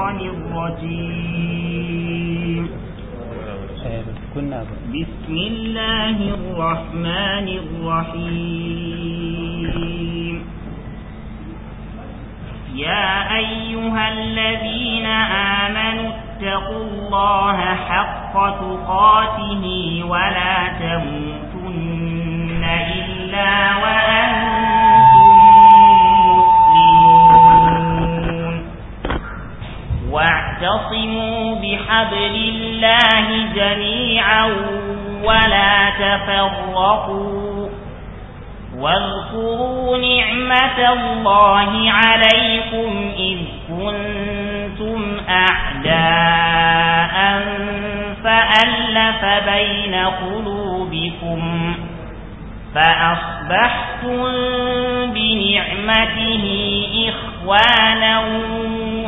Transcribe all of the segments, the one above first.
الرجيم بسم الله الرحمن الرحيم يا أيها الذين آمنوا اتقوا الله حق تقاته ولا تموتن إلا وأنتم واعتصموا بحبل الله جميعا ولا تفرقوا واذكروا نعمة الله عليكم إذ كنتم أعداء فألف بين قلوبكم فأصبحتم بنعمته إخوة إخوانا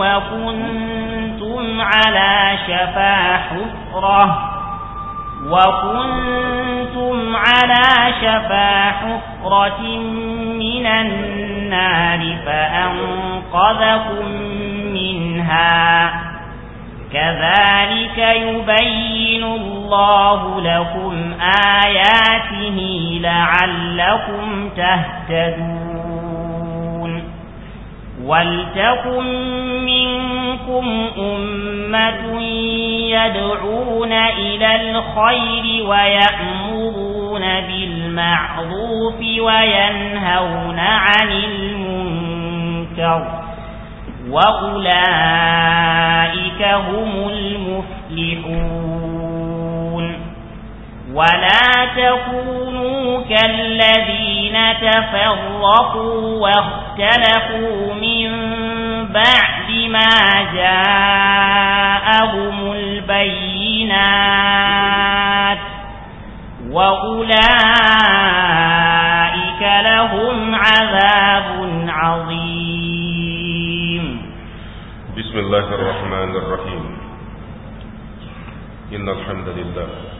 وكنتم على شفا حفرة وكنتم على شفا حفرة من النار فأنقذكم منها كذلك يبين الله لكم آياته لعلكم تهتدون ولتكن منكم أمة يدعون إلى الخير ويأمرون بالمعروف وينهون عن المنكر وأولئك هم المفلحون ولا تكونوا كالذين تفرقوا واختلفوا من بعد ما جاءهم البينات وأولئك لهم عذاب عظيم بسم الله الرحمن الرحيم إن الحمد لله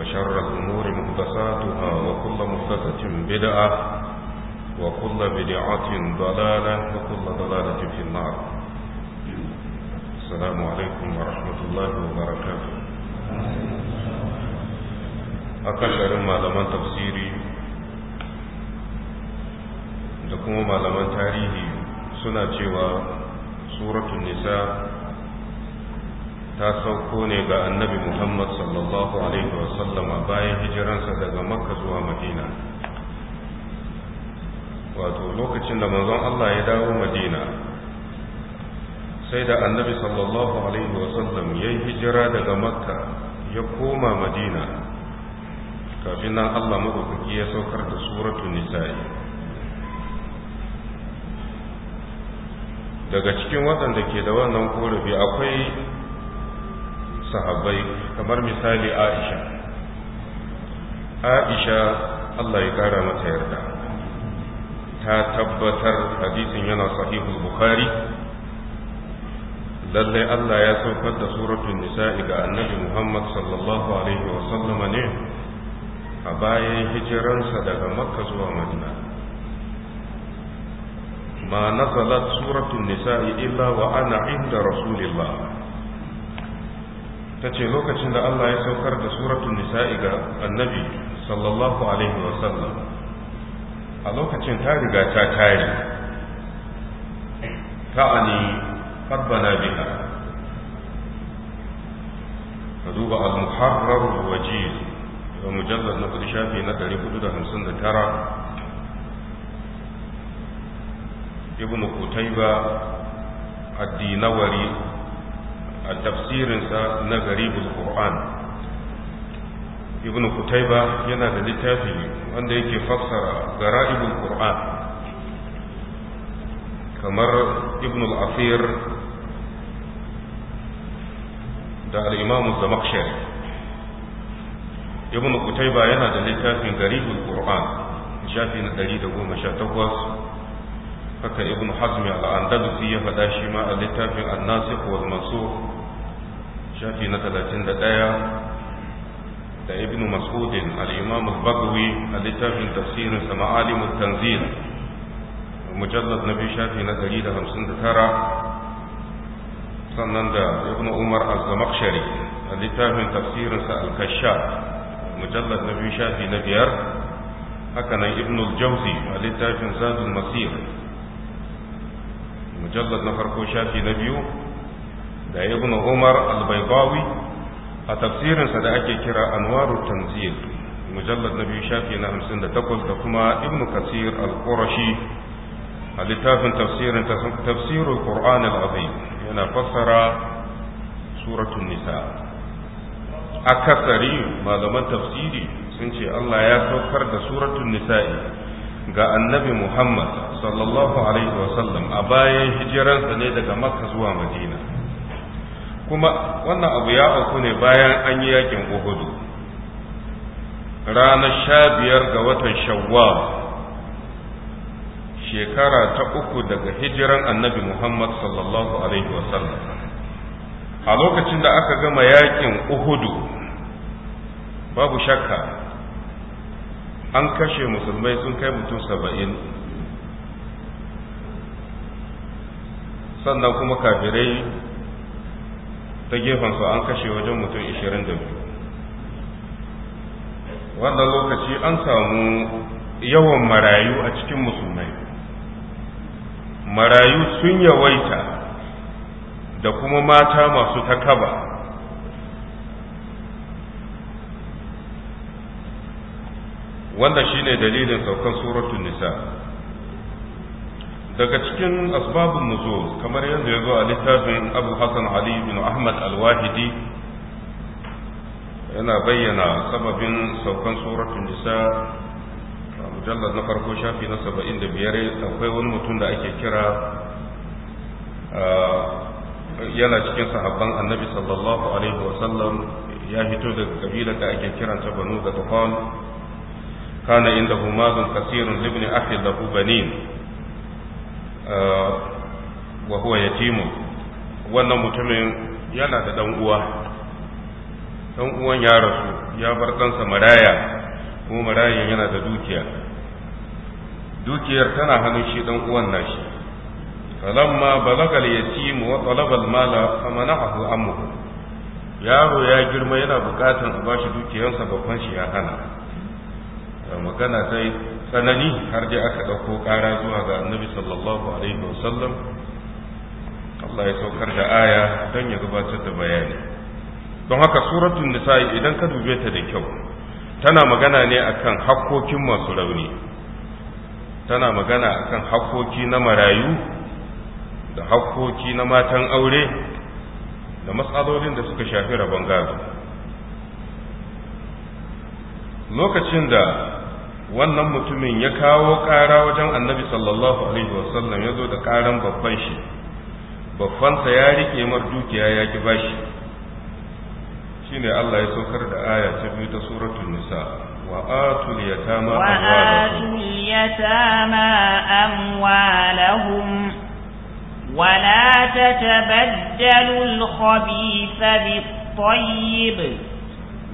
وشر الأمور محدثاتها وكل محدثة بدعة وكل بدعة ضلالة وكل ضلالة في النار السلام عليكم ورحمة الله وبركاته أكثر malaman tafsiri da kuma malaman tarihi suna cewa suratun nisa ta sauko ne ga annabi Muhammad sallallahu alaihi wasallama bayan hijiransa daga makka zuwa madina wato lokacin da manzon Allah ya dawo madina sai da annabi sallallahu alaihi wasallam ya yi hijira daga makka ya koma madina kafin nan Allah maɗaukaki ya saukar da suratun nisa'i daga cikin waɗanda ke da wannan korafi akwai sahabbai kamar misali Aisha Aisha Allah ya kara mata yarda ta tabbatar hadisin yana sahihul Bukhari lalle Allah ya saukar da suratul nisa'i ga annabi Muhammad sallallahu alaihi wa sallam ne a bayan hijiransa daga Makka zuwa Madina ma nazalat suratul nisa'i illa wa ana inda rasulillah ta ce lokacin da Allah ya saukar da suratun nisa'i ga annabi sallallahu alaihi wasallam a lokacin ta riga ta tare ta'ani rabbana biha ka duba al-muharrar wajiz da mujallar na kudi shafi na 459 ibn ba addinawari a tafsirinsa na garibul Qur'an ibn Kutaiba yana da littafi wanda yake fassara garibul Qur'an kamar ibn al-Asir da al-Imam Zamakhshari ibn Kutaiba yana da littafin garibul Qur'an shafi na 118 haka ibn hazmi al-andalusi ya faɗa shi ma a littafin an-nasikh wal mansukh شافي نتلا جند دايا دا ابن مسعود الإمام البغوي اللي شافي تفسير سمع عالم التنزيل مجلد نبي شافي نتجيد هم سند ترى سنند ابن عمر الزمقشري اللي شافي تفسير سأل مجلد نبي شافي نبيار هكنا ابن الجوزي اللي شافي زاد المسير مجلد نفرقو شافي نبيو da ibn umar al-baydawi a tafsirinsa da ake kira anwarut tanzil mujallad na biyu shafi na hamsin da takwas da kuma ibn kasir al-qurashi a littafin tafsirin tafsirul qur'an al-azim yana fassara suratul nisa akasari malaman tafsiri sun ce Allah ya saukar da suratul nisa'i ga annabi Muhammad sallallahu alaihi wasallam a bayan hijiransa ne daga makka zuwa madina kuma wannan abu ya auku ne bayan an yi yakin uhudu ranar sha biyar ga watan Shawwa shekara ta uku daga hijiran annabi muhammad sallallahu alaihi wasallam a lokacin da aka gama yakin uhudu babu shakka an kashe musulmai sun kai mutum saba'in sannan kuma kafirai ta gefen gefensu an kashe wajen mutum 22 wanda lokaci an samu yawan marayu a cikin musulmai marayu sun yawaita da kuma mata masu takaba wanda shine dalilin saukan suratun nisa' daga cikin asbabun nuzul kamar yadda ya zo a littafin abu hassan ali bin ahmad al-wahidi yana bayyana sababin saukan suratun nisa a mujallar na farko shafi na saba'in da biyar akwai wani mutum da ake kira ah, yana cikin sahabban annabi sallallahu alaihi wasallam ya fito daga kabila da ake ta banu da tafan kana inda humadun kasirun libni akhi lahu banin wa huwa yatimu wannan mutumin yana da dan uwa dan uwan ya rasu ya bar ɗansa maraya kuma marayan yana da dukiya dukiyar tana hannun shi dan uwan nashi falamma balaga al-yatim wa talaba al famanahu ammuhu yaro ya girma yana bukatan a bashi dukiyarsa babban shi ya hana magana sai. tsanani har dai aka ɗauko ƙara zuwa ga annabi sallallahu alaihi wa sallam Allah ya saukar da aya don ya gabatar da bayani don haka suratun nisa'i idan ka dube ta da kyau tana magana ne akan hakkokin masu rauni tana magana akan hakkoki na marayu da hakkoki na matan aure da matsalolin da suka shafi rabon gado lokacin da wannan mutumin ya kawo ƙara wajen annabi sallallahu alaihi wasallam ya zo da ƙaran babban shi babbansa ya riƙe mar dukiya ya ki bashi shine Allah ya saukar da aya ta biyu ta suratul nisa wa atu yatama amwalahum wa la tatabaddalu al-khabitha bit-tayyib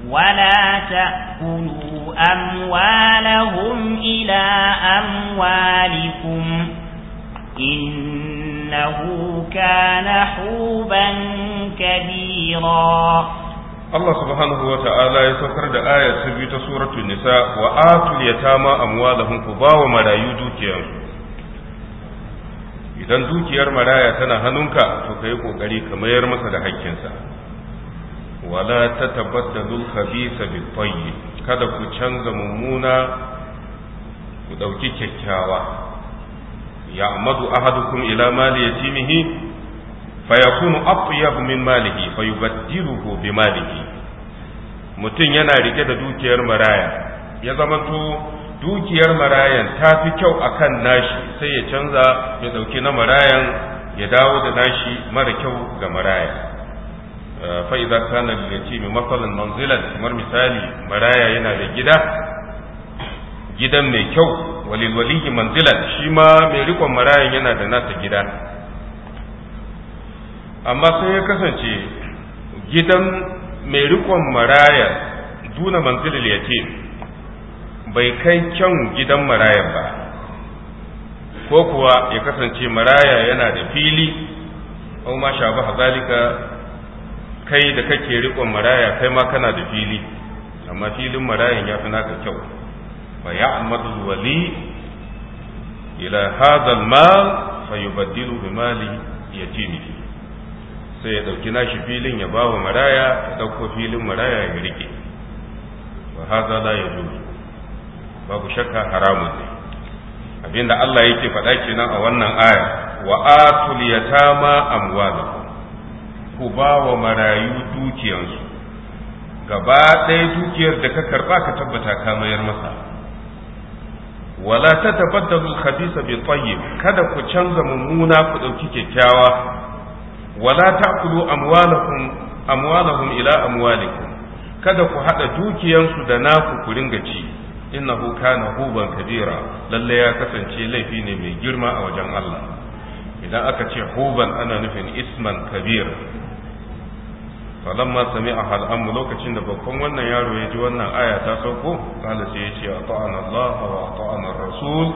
ولا تأكلوا أموالهم إلى أموالكم إنه كان حوبا كبيرا Allah subhanahu wa ta'ala ya saukar da ayar ta biyu ta suratul nisa wa atul yatama amwalahum ku bawa marayu dukiyar idan dukiyar maraya tana hannunka to kai ƙoƙari ka mayar masa da hakkinsa wala ta tabaddalul khabisa bil tayyib kada ku canza mummuna ku ɗauki kyakkyawa ya amadu ahadukum ila mali yatimihi fayakunu atyab min malihi fayubaddiluhu bi malihi mutum yana rike da dukiyar maraya ya zama to dukiyar marayan ta fi kyau akan nashi sai ya canza ya ɗauki na marayan ya dawo da nashi mara kyau ga marayan. fa idza kana lil yatimi masalan manzilan kamar misali maraya yana da gida gidan mai kyau walil waliyi manzilan shi ma mai rikon marayan yana da nasa gida amma sai ya kasance gidan mai rikon maraya duna ya ce, bai kai kyan gidan marayan ba ko kuwa ya kasance maraya yana da fili au ma sha ba zalika kai da kake riƙon maraya kai ma kana da fili amma filin marayan ya fi naka kyau fa amadu wali ila hadha al-mal fa yubaddilu bi mali yatimi sai ya dauki nashi filin ya bawa maraya ya dauko filin maraya ya rike wa hadha la yajuzu babu shakka haramun ne abinda Allah yake faɗa kenan a wannan aya wa atul yatama amwalahum ku ba wa marayu dukiyarsu gaba ɗaya dukiyar da ka karba ka tabbata ka mayar masa wala ta tabaddalu hadisa bai tsaye, kada ku canza mummuna ku ɗauki kyakkyawa wala ta amwalakum amwalahum ila amwalikum kada ku haɗa dukiyarsu da naku ku ringa ci huka na huban kabira Lallai ya kasance laifi ne mai girma a wajen Allah idan aka ce huban ana nufin isman Kabir. falamma sami'a al'ammu lokacin da babban wannan yaro ya ji wannan aya ta sauko kala sai ya ce a ta'an Allah wa ta'an Rasul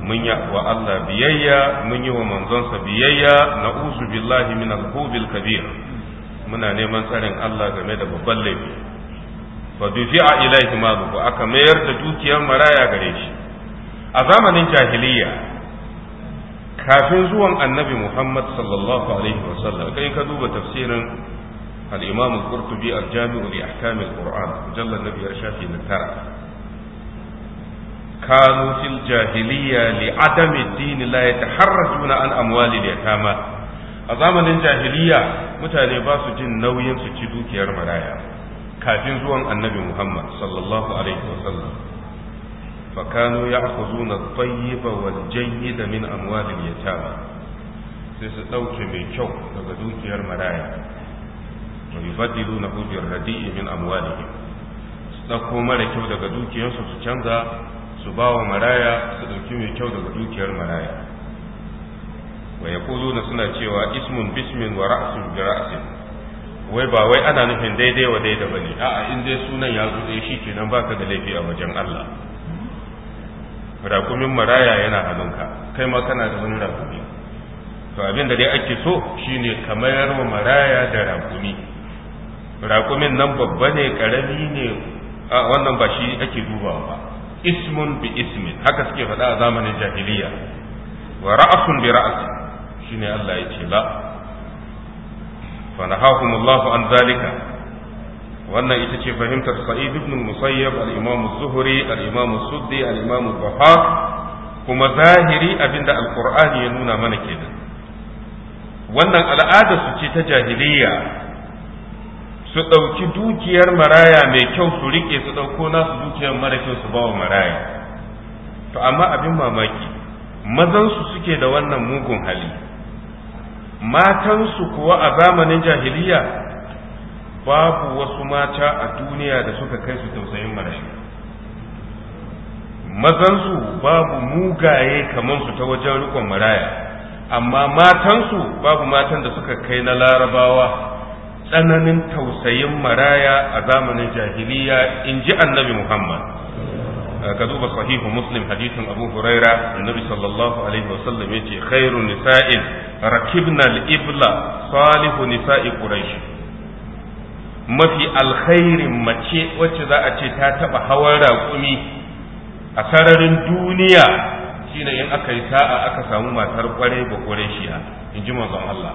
mun yi wa Allah biyayya mun yi wa manzonsa biyayya na'uzu billahi min al-hubil muna neman tsarin Allah game da babban laifi fa dufi'a ilaihi maluhu aka mayar da dukiyar maraya gare shi a zamanin jahiliyya kafin zuwan annabi Muhammad sallallahu alaihi wasallam kai ka duba tafsirin الإمام القرطبي الجامع لأحكام القرآن مجلد النبي الشافعي نترى كانوا في الجاهلية لعدم الدين لا يتحرجون عن أموال اليتامى أزامن الجاهلية mutane ba su jin nauyin su ci dukiyar maraya kafin zuwan annabi Muhammad sallallahu alaihi wasallam fakanu ya'khuzuna at-tayyiba wal-jayyida min amwalil yatama sai su ɗauke mai kyau daga dukiyar maraya wa yubaddilunahu bi radi'i min amwalihim su dauko mara kyau daga dukiyarsu su canza su bawa maraya su dauki mai kyau daga dukiyar maraya wa yaquluna suna cewa ismun bismin wa ra'sun bi ra'sin wai ba wai ana nufin daidai wa daidai bane a'a in dai sunan ya zo dai shikenan baka da laifi a wajen Allah rakumin maraya yana hannunka kai ma kana da wani rakumi to abin da dai ake so shine ka mayar wa maraya da rakumi raƙumin nan babba ne ƙarami ne a wannan ba shi ake dubawa ba ismun bi ismin haka suke faɗa a zamanin jahiliya wa ra'asun bi ra'as shine Allah ya ce la fa nahahumullahu an zalika wannan ita ce fahimtar sa'id ibn musayyab al-imam az-zuhri al-imam as-suddi al-imam bahar kuma zahiri abinda alqur'ani ya nuna mana kenan wannan al'ada su ce ta jahiliya su ɗauki dukiyar maraya mai kyau su riƙe su ɗauko nasu dukiyar mara kyau su bawa maraya to amma abin mamaki mazansu suke da wannan mugun hali matansu kuwa a zamanin jahiliya babu wasu mata a duniya da suka kai su tausayin maraya mazansu babu mugaye kamar su ta wajen rikon maraya amma matansu babu matan da suka kai na larabawa tsananin tausayin maraya a zamanin jahiliya in ji annabi Muhammad ka duba sahihu muslim hadisin abu huraira annabi sallallahu alaihi wasallam ya ce khairu nisa'in rakibna al-ibla salihu nisa'i quraish mafi alkhairin mace wacce za a ce ta taba hawan raƙumi a sararin duniya shine in aka yi sa'a aka samu matar kware ba quraishiya in ji manzon Allah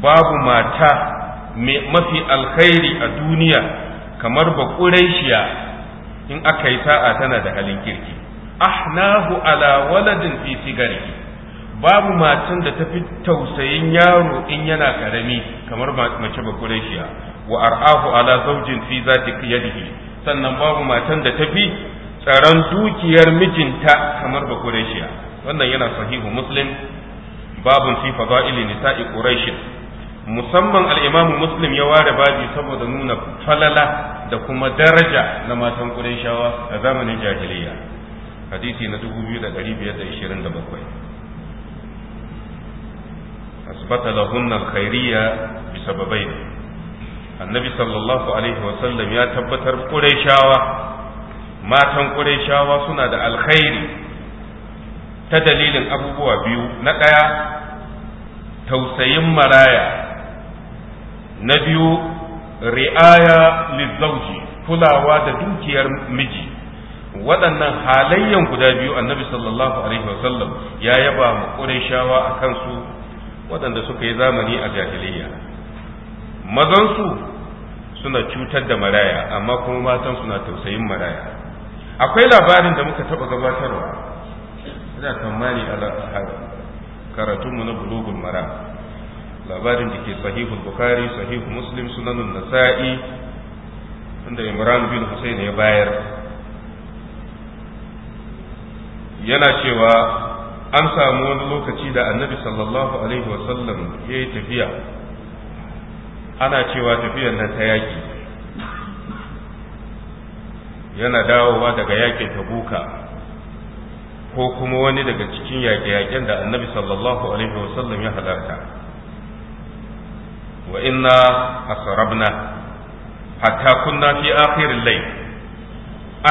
babu mata mafi alkhairi a duniya kamar ba in aka yi sa'a tana da halin kirki ahnahu ala waladin fi sigari babu matan da ta fi tausayin yaro in yana karami kamar mace ba kureshiya wa ar'ahu ala zawjin fi zati yadihi sannan babu matan da ta fi tsaron dukiyar mijinta kamar ba kureshiya wannan yana sahihu muslim babun fi fadaili nisa'i quraish musamman al'imamu muslim ya ware baji saboda nuna falala da kuma daraja na matan ƙudaishawa a zamanin jahiliya hadisi na 2527 asbata lahunna alkhairiyya bi sababai annabi sallallahu alaihi wasallam ya tabbatar ƙudaishawa matan ƙudaishawa suna da alkhairi ta dalilin abubuwa biyu na ɗaya tausayin maraya na biyu ri'aya lizauji kulawa da dukiyar miji waɗannan halayyan guda biyu annabi sallallahu alaihi wasallam ya yaba mu qurayshawa a su waɗanda suka yi zamani a jahiliya mazansu suna cutar da maraya amma kuma matan suna tausayin maraya akwai labarin da muka taɓa gabatarwa ina tsammani a karatunmu na bulugul mara labarin da ke sahihul bukhari Sahihu muslim sunanun nasa'i inda imran bin husayn ya bayar yana cewa an samu wani lokaci da annabi sallallahu alaihi wasallam ya yi tafiya ana cewa tafiyar nan ta yaki yana dawowa daga yakin tabuka ko kuma wani daga cikin yaƙe-yaƙen da annabi sallallahu alaihi wasallam ya halarta wa inna asrabna hatta kunna fi akhiril layl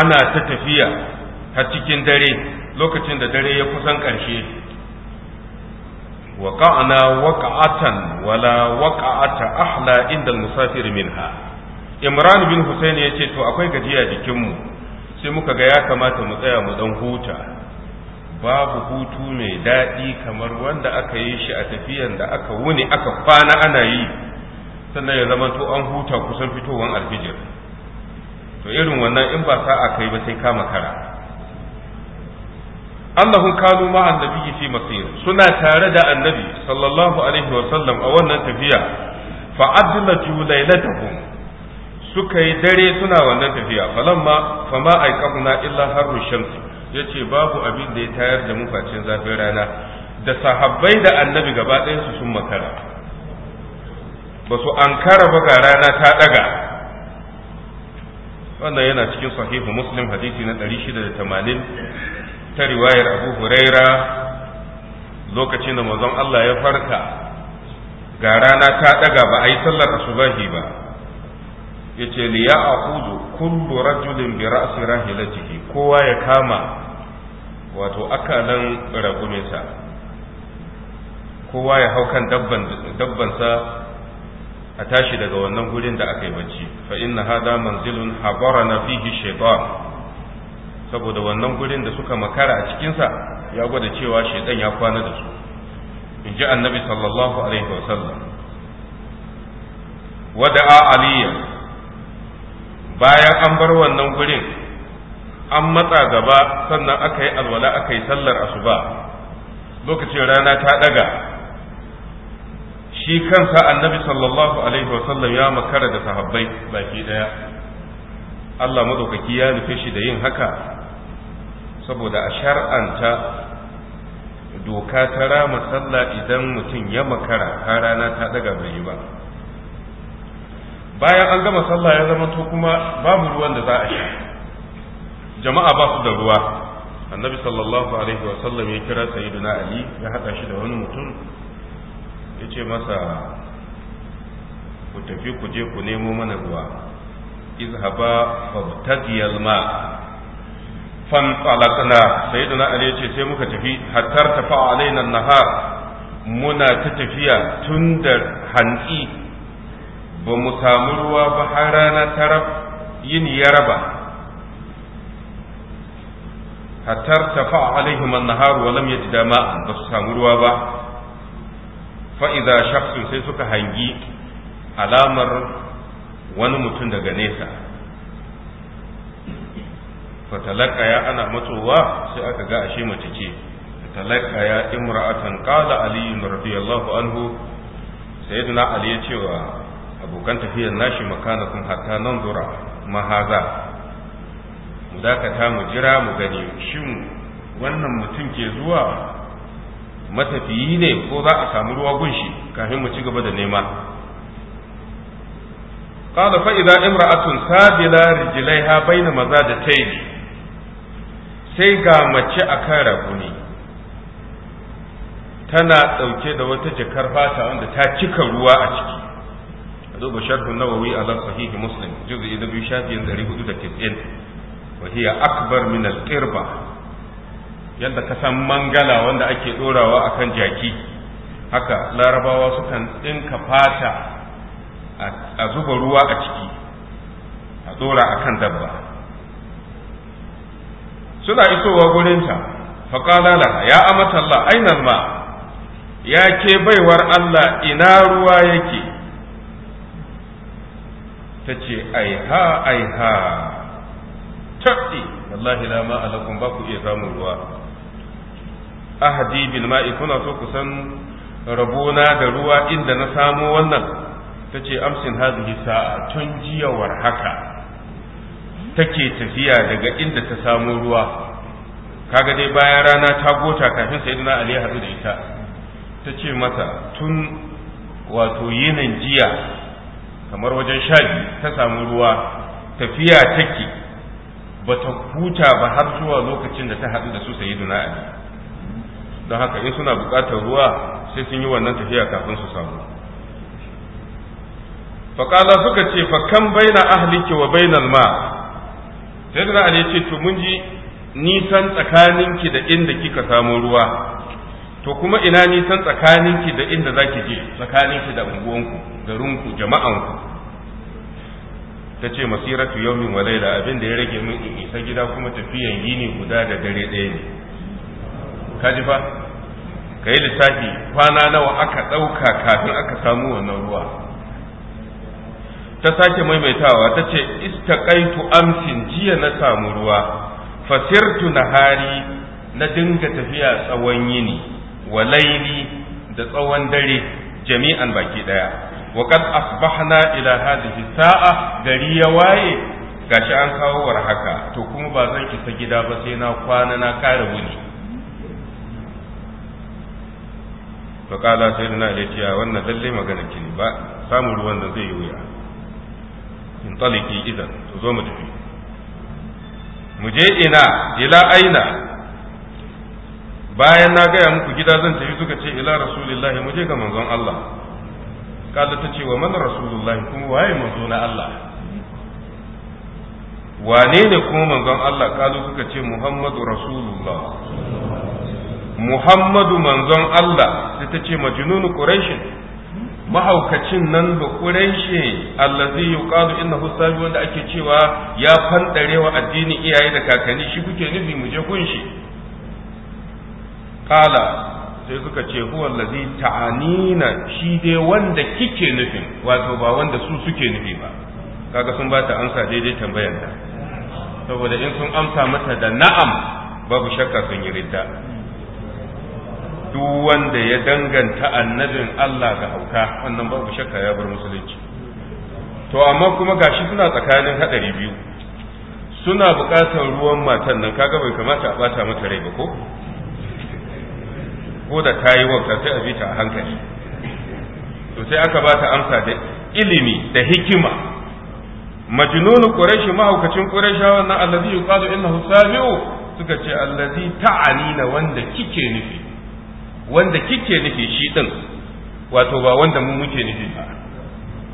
ana ta tafiya har cikin dare lokacin da dare ya kusan ƙarshe وقعنا وقعة ولا وقعة inda عند المسافر Imran bin بن ya ce to akwai gajiya mu sai muka ga ya kamata mu tsaya mu dan huta babu hutu mai daɗi kamar wanda aka yi shi a tafiyan da aka wuni aka fana ana yi sannan ya zama to an huta kusan fitowar alfijir to irin wannan in ba sa'a kai ba sai kama kara Allahun kanu ma annabi fi masir suna tare da annabi sallallahu alaihi wa sallam a wannan tafiya fa adlatu julailatuhum suka yi dare suna wannan tafiya falamma fama aikabna illa harru shams yace babu abin da ya tayar da mu facin zafin rana da sahabbai da annabi gaba ɗayan su sun makara ba su ankara ba ga rana ta daga wannan yana cikin sahihu muslim hadisi na 680 ta riwayar abu huraira lokacin da mazan Allah ya farka ga rana ta daga ba a yi sallar asubahi ba Ya ce liya a kudu kundu rajulin bi rahila ciki kowa ya kama wato akalan raguminsa kowa ya hau kan dabbansa a tashi daga wannan gurin da aka yi bacci fa inna hada manzilun na fihi shaitan saboda wannan gurin da suka makara a cikinsa, ya gwada cewa shaitan ya kwana da su in ji annabi sallallahu alaihi wa sallam wada'a aliya bayan an bar wannan gurin an matsa gaba sannan aka yi alwala aka yi sallar asuba lokacin rana ta daga shi kansa annabi sallallahu alaihi wasallam ya makara da sahabbai baki daya Allah madaukaki ya nufi shi da yin haka saboda a shar'anta doka ta rama sallah idan mutum ya makara har rana ta daga bai yi ba bayan an gama sallah ya zama to kuma babu ruwan da za a sha jama'a ba su da ruwa annabi sallallahu alaihi wasallam ya kira sayyidina ali ya haɗa shi da wani mutum ya ce masa ku tafi ku je ku nemo mana ruwa izhaba fabtagiyal ma fan tsalakana sayyiduna ali yace sai muka tafi hattar tafa alaina nahar muna ta tafiya tun da hantsi ba mu samu ruwa ba har rana ta yin yaraba raba hatar tafa alaihim an-nahar wa lam yajida ma'an ba su samu ruwa ba fa'iza shafsun sai suka hangi alamar wani mutum daga nesa ya ana matsowa sai aka ga ashe mace ce ya imra'atan qala ali radiyallahu anhu sayyidina ali ya cewa abokan tafiyar nashi makanakum hatta zura mahaza mu dakata mu jira mu gani shin wannan mutum ke zuwa matafiyi ne ko za a samu ruwa gunshi kafin mu ci gaba da nema qala fa idza imra'atun sabila rijlaiha baina mazadatayn sai ga mace akan rabuni tana dauke da wata jakar fata wanda ta cika ruwa a ciki a duba an nawawi ala sahihi muslim juz'i da biyu shafi 490 wa hiya akbar min al-qirba yadda ka san mangala wanda ake ɗorawa kan jaki haka larabawa sukan ɗinka fata a zuba ruwa a ciki a ɗora kan dabba suna isowa gurinta faƙala laha ya amatallah ainihin ma ya ke baiwar Allah ina ruwa yake ta ce aiha aiha taɓi wallahi la ma'alakun ba ku iya samun ruwa Ahadi bil ma'i kuna so ku san rabona da ruwa inda na samo wannan tace amsin hadhihi sa'a tun jiya war haka take tafiya daga inda ta samo ruwa kaga dai bayan rana ta gota kafin dana ali ya hadu da ita tace masa tun wato yinin jiya kamar wajen sha ta samu ruwa tafiya take ta huta ba har zuwa lokacin da ta hadu da su sayyiduna ali don haka in suna bukatar ruwa sai sun yi wannan tafiya kafin su samu faƙala suka ce fakan baina ahliki wa bainal ma sai da ali ce to mun ji nisan tsakaninki da inda kika samu ruwa to kuma ina nisan tsakaninki da inda zaki je tsakaninki da unguwanku runku jama'anku ta ce masiratu yaumin wa laila abin da ya rage min in isa gida kuma tafiyan yini guda da dare ɗaya ne ji fa ka yi lissafi kwana nawa aka ɗauka kafin aka samu wannan ruwa ta sake maimaitawa ta ce istaƙaitu amsin jiya na samu ruwa fasirtu na hari na dinga tafiya tsawon yini wa laili da tsawon dare jami'an baki ɗaya wa qad asbahna ila hadhihi sa'a gari ya waye gashi an kawo war haka to kuma ba zan isa gida ba sai na kwana na kare wuni To kala sai da na ya wannan lalle magana ne ba samun ruwan da zai yi wuya in taliki idan to zo mu tafi mu je ina ila aina bayan na gaya muku gida zan tafi suka ce ila rasulillahi mu je ga manzon Allah kala ta ce wa man rasulullahi kuma waye manzo na Allah wane ne kuma manzon Allah kalu suka ce Muhammadu Rasulullah muhammadu manzon Allah sai ta ce majnunu quraishin mahaukacin nan da quraishi allazi yuqalu inda sabi wanda ake cewa ya fandarewa addini iyaye da kakanni shi kuke nufi mu je kun shi kala sai suka ce huwa allazi ta'anina shi dai wanda kike nufi, wato ba wanda su suke nufi ba kaga sun ba ta amsa daidai tambayar da saboda in sun amsa mata da na'am babu shakka sun yi ridda duk wanda ya danganta annabin Allah ga hauka wannan babu shakka ya bar musulunci to amma kuma gashi suna tsakanin hadari biyu suna buƙatar ruwan matan nan kaga bai kamata a bata mata rai ba ko ko da ta yi wauta sai a bi a hankali to sai aka bata amsa da ilimi da hikima majnunu quraishi mahaukacin quraishawa na allazi yuqalu innahu sabiu suka ce allazi ta'ani na wanda kike nufi wanda kike nufi shi din wato ba wanda mu muke nufi ba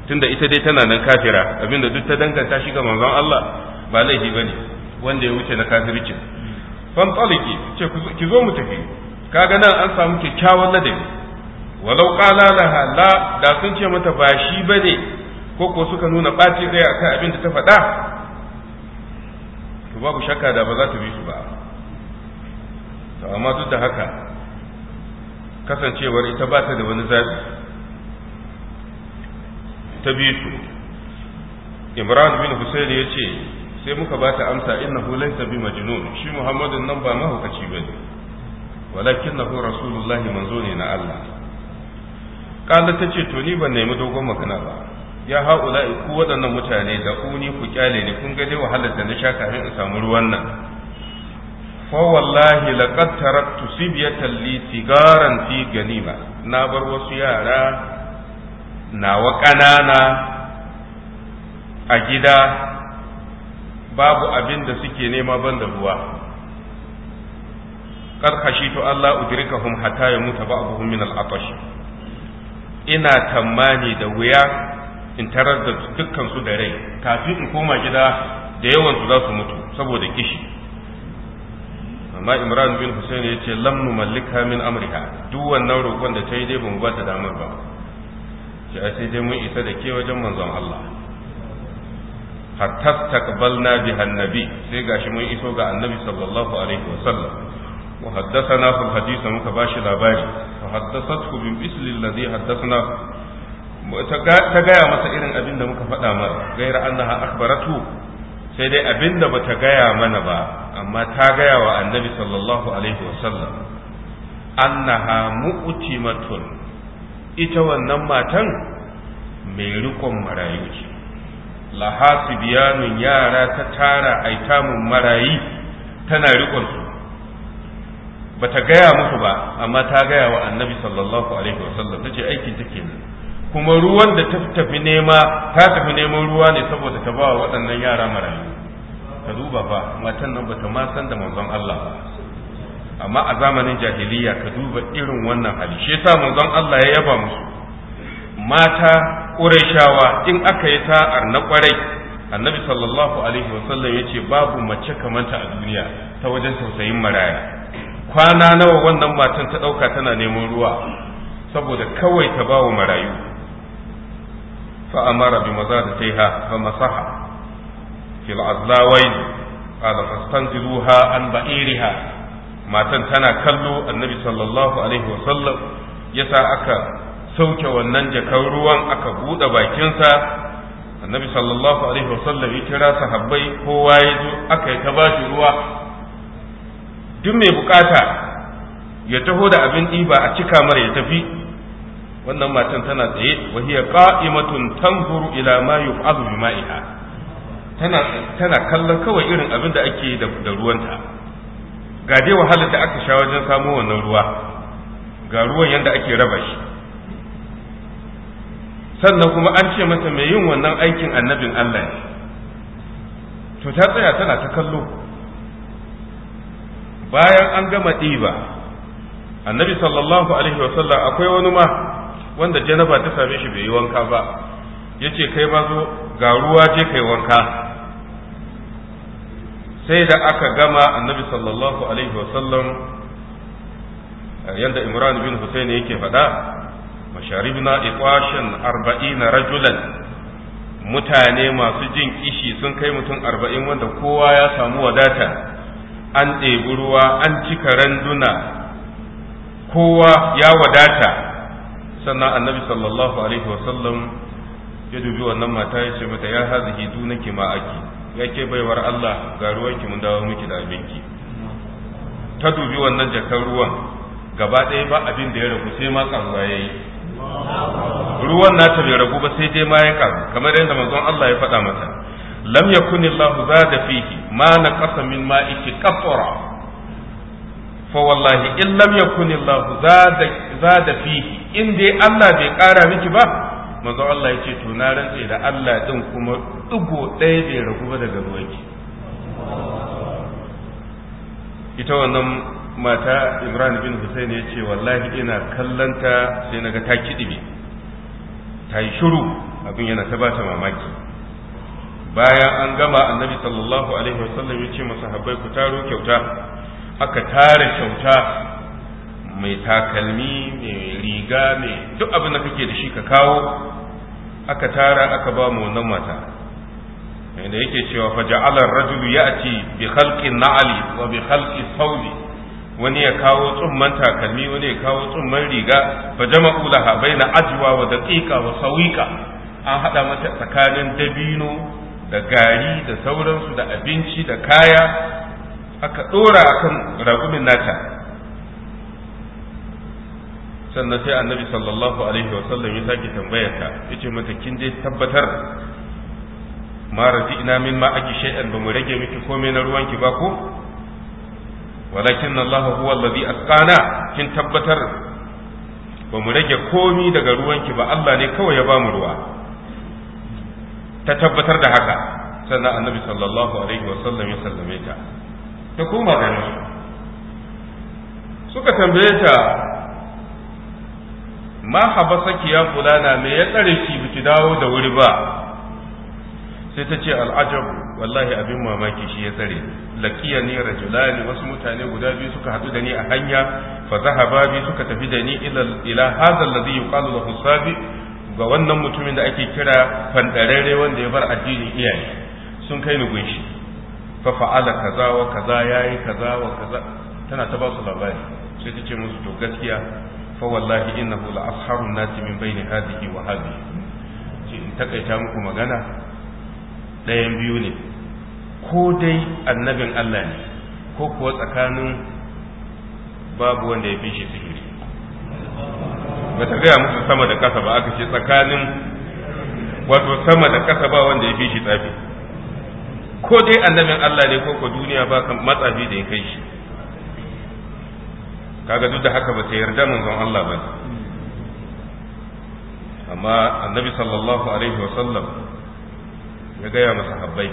tunda ita dai tana nan kafira abinda duk ta danganta shi ga manzon Allah ba laifi bane wanda ya wuce na kafircin fan taliki ce ki zo mu tafi kaga nan an samu kyakkyawan ladabi walau qala laha la da sun ce mata ba shi bane ko ko suka nuna baci rai akan abinda ta faɗa to babu shakka da ba za ta bi su ba amma duk da haka kasancewar ita ba ta da wani zafi ta biyu su imran bin husayn ya ce sai muka ba ta amsa innahu laysa bi majnun shi Muhammadu nan ba mahaukaci bane walakinnahu rasulullahi manzo ne na Allah kala ta ce to ban nemi dogon magana ba ya haula ku waɗannan mutane da ni ku kyale ni kun ga dai wahalar da na sha kafin in samu ruwan nan fa wallahi laqad taraktu sibyatan li sigaran fi ganima na bar wasu yara nawa ƙanana a gida babu abin da suke nema ban da ruwa kar khashitu Allah udrikahum hatta yamuta ba'dhum min al ina tammani da wuya in tarar da dukkan su da rai kafin in koma gida da yawan su za su mutu saboda kishi amma imran bin husayn ya ce lam mallika min amriha duk wannan roƙon da ta yi dai ba mu ba ta damar ba ce a sai dai mun isa da ke wajen manzon Allah hatta taqbalna bi annabi sai gashi mun iso ga annabi sallallahu alaihi wasallam wa haddathana fil hadith muka bashi labari fa haddathathu bi misli alladhi haddathna ta gaya masa irin abin da muka faɗa mara gaira annaha akhbaratu sai dai abin da bata gaya mana ba amma ta gaya wa annabi sallallahu alaihi wasallam annaha mu'timatun ita wannan matan mai rikon marayu ce lahasi biyanun yara ta tara aitamun marayi tana rikon su bata gaya musu ba amma ta gaya wa annabi sallallahu alaihi wasallam tace aikin ta nan. kuma ruwan da ta tafi nema ta tafi neman ruwa ne saboda ta ba wa waɗannan yara marayu ka duba fa matan nan bata ma san da manzon Allah ba amma a zamanin jahiliya ka duba irin wannan hali shi yasa manzon Allah ya yaba musu mata ƙurayshawa in aka yi sa'ar na ƙwarai annabi sallallahu alaihi wasallam yace babu mace kamar ta a duniya ta wajen tausayin maraya kwana nawa wannan matan ta ɗauka tana neman ruwa saboda kawai ta bawa marayu فأمر بمزادتها فمسح في العزلاوين قال فاستنزلوها عن بئيرها ما تنتنا كلو النبي صلى الله عليه وسلم يسا أكا sauke wannan jakar ruwan aka buɗe bakinsa annabi sallallahu alaihi wasallam ya kira sahabbai kowa ya zo aka yi ta bashi ruwa duk mai buƙata ya taho da abin ba a cika mara ya tafi wannan matan tana tsaye wa hiya qa'imatun tanzuru ila ma yuf'alu bi ma'iha tana tana kallon kawai irin abin da ake da ruwanta ga dai wahalar da aka sha wajen samo wannan ruwa ga ruwan yanda ake raba shi sannan kuma an ce mata mai yin wannan aikin annabin Allah ne to ta tsaya tana ta kallo bayan an gama ɗiba annabi sallallahu alaihi wasallam akwai wani ma wanda janaba ta same shi bai yi wanka ba yace kai ba zo ga ruwa je kai wanka sai da aka gama annabi sallallahu alaihi wasallam yadda imran bin husayn yake faɗa masharibna iqashan arba'ina rajulan mutane masu jin kishi sun kai mutum arba'in wanda kowa ya samu wadata an ɗebi ruwa an cika randuna kowa ya wadata sannan annabi sallallahu alaihi wasallam ya dubi wannan mata ya ce mata ya hazihi dunaki ma'aki ya ke baiwar Allah ga ruwanki mun dawo miki da abinki ta dubi wannan jakar ruwan gaba ɗaya ba abin da ya ragu sai ma karuwa ya yi ruwan nata bai ragu ba sai dai ma ya karu kamar yadda manzon Allah ya faɗa mata lam yakuni Allah zada fihi ma naqasa min ma'iki kafara. fa wallahi in lam yakun Allah zada zada fihi in dai Allah bai ƙara miki ba manzo Allah yace to na rantse da Allah din kuma dugo ɗaya bai ragu ba daga ruwanki ita wannan mata Ibrahim bin Hussein ya ce wallahi ina kallanta sai naga ta kidibe ta yi shiru abin yana ta bata mamaki bayan an gama annabi sallallahu alaihi wasallam ya ce masahabbai ku taro kyauta aka tara kyauta mai takalmi mai riga mai duk abin da kake da shi ka kawo aka tara aka ba mu wannan mata inda yake cewa fa ja'ala ar-rajulu ya'ti bi khalqi na'ali wa bi khalqi thawbi wani ya kawo tsumman takalmi wani ya kawo tsumman riga fa jama'u laha baina ajwa wa daqiqa wa sawiqa an hada mata tsakanin dabino da gari da sauransu da abinci da kaya aka ɗora akan ragumin nata sannan sai annabi sallallahu alaihi sallam ya sake tambayarta ya ce mata kin je tabbatar ma raji ina min ma aki shay'an ba mu rage miki komai na ruwanki ba ko walakin Allah huwa alladhi asqana kin tabbatar ba mu rage komi daga ruwanki ba Allah ne kawai ya bamu ruwa ta tabbatar da haka sannan annabi sallallahu alaihi sallam ya sallame ta ta koma garin su suka tambaye ta ma haba ki ya fulana me ya tsare ki biki dawo da wuri ba sai ta ce al'ajab wallahi abin mamaki shi ya tsare lakiya ni rajulani wasu mutane guda biyu suka haɗu da ni a hanya fa zahaba bi suka tafi da ni ila hadha alladhi yuqalu lahu sabi ga wannan mutumin da ake kira fandararre wanda ya bar addinin iyaye sun kai ni gunshi fa fa'ala kaza wa kaza yayi kaza wa kaza tana ta ba su labari sai ta ce musu to gaskiya fa wallahi innahu la asharu nasi min baini hadhihi wa hadhihi ce in takaita muku magana ɗayan biyu ne ko dai annabin Allah ne ko kuwa tsakanin babu wanda ya fi shi sihiri ba ta gaya musu sama da kasa ba aka ce tsakanin wato sama da kasa ba wanda ya fi shi tsafi ko dai annabin Allah ne ko ko duniya ba kan matsafi da ya kai shi kaga duk da haka ba ta yarda manzon Allah ba amma annabi sallallahu alaihi wa sallam ya gaya ya masahabbai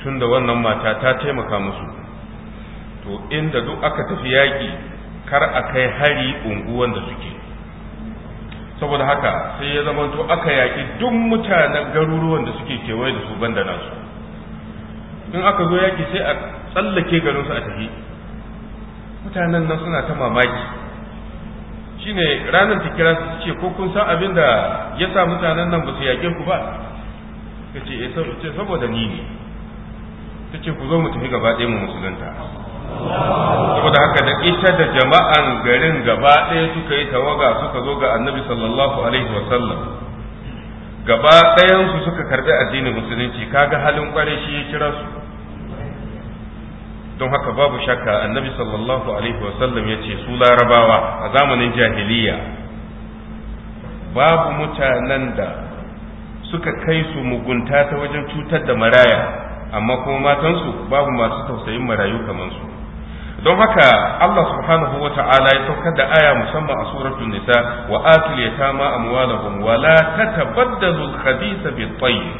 tun wannan mata ta taimaka musu to inda duk aka tafi yaƙi kar a kai hari unguwan da suke saboda haka sai ya zamanto aka yaki duk mutanen garuruwan da suke kewaye da su banda nasu in aka zo yaki sai a tsallake garin su a tafi mutanen nan suna ta mamaki shine ranar ta kira su ce ko kun san abin da ya sa mutanen nan ba su yaƙe ku ba ka eh, ce saboda ni ne ta ce ku zo mu tafi gaba ɗaya mu musulunta saboda haka da ita da jama'an garin gaba ɗaya suka yi tawaga suka zo ga annabi sallallahu alaihi wa sallam, gaba ɗayansu suka karbi addinin musulunci kaga halin kwarai shi ya kira su don haka babu shakka annabi sallallahu alaihi sallam ya ce su larabawa a zamanin jahiliya babu mutanen da suka kai su mugunta ta wajen cutar da maraya amma kuma matansu babu masu tausayin marayu kamar su don haka Allah subhanahu wa ta'ala ya saukar da aya musamman a suratul nisa wa atil yatama amwalahum wa la tatabaddalu al-khabitha bit-tayyib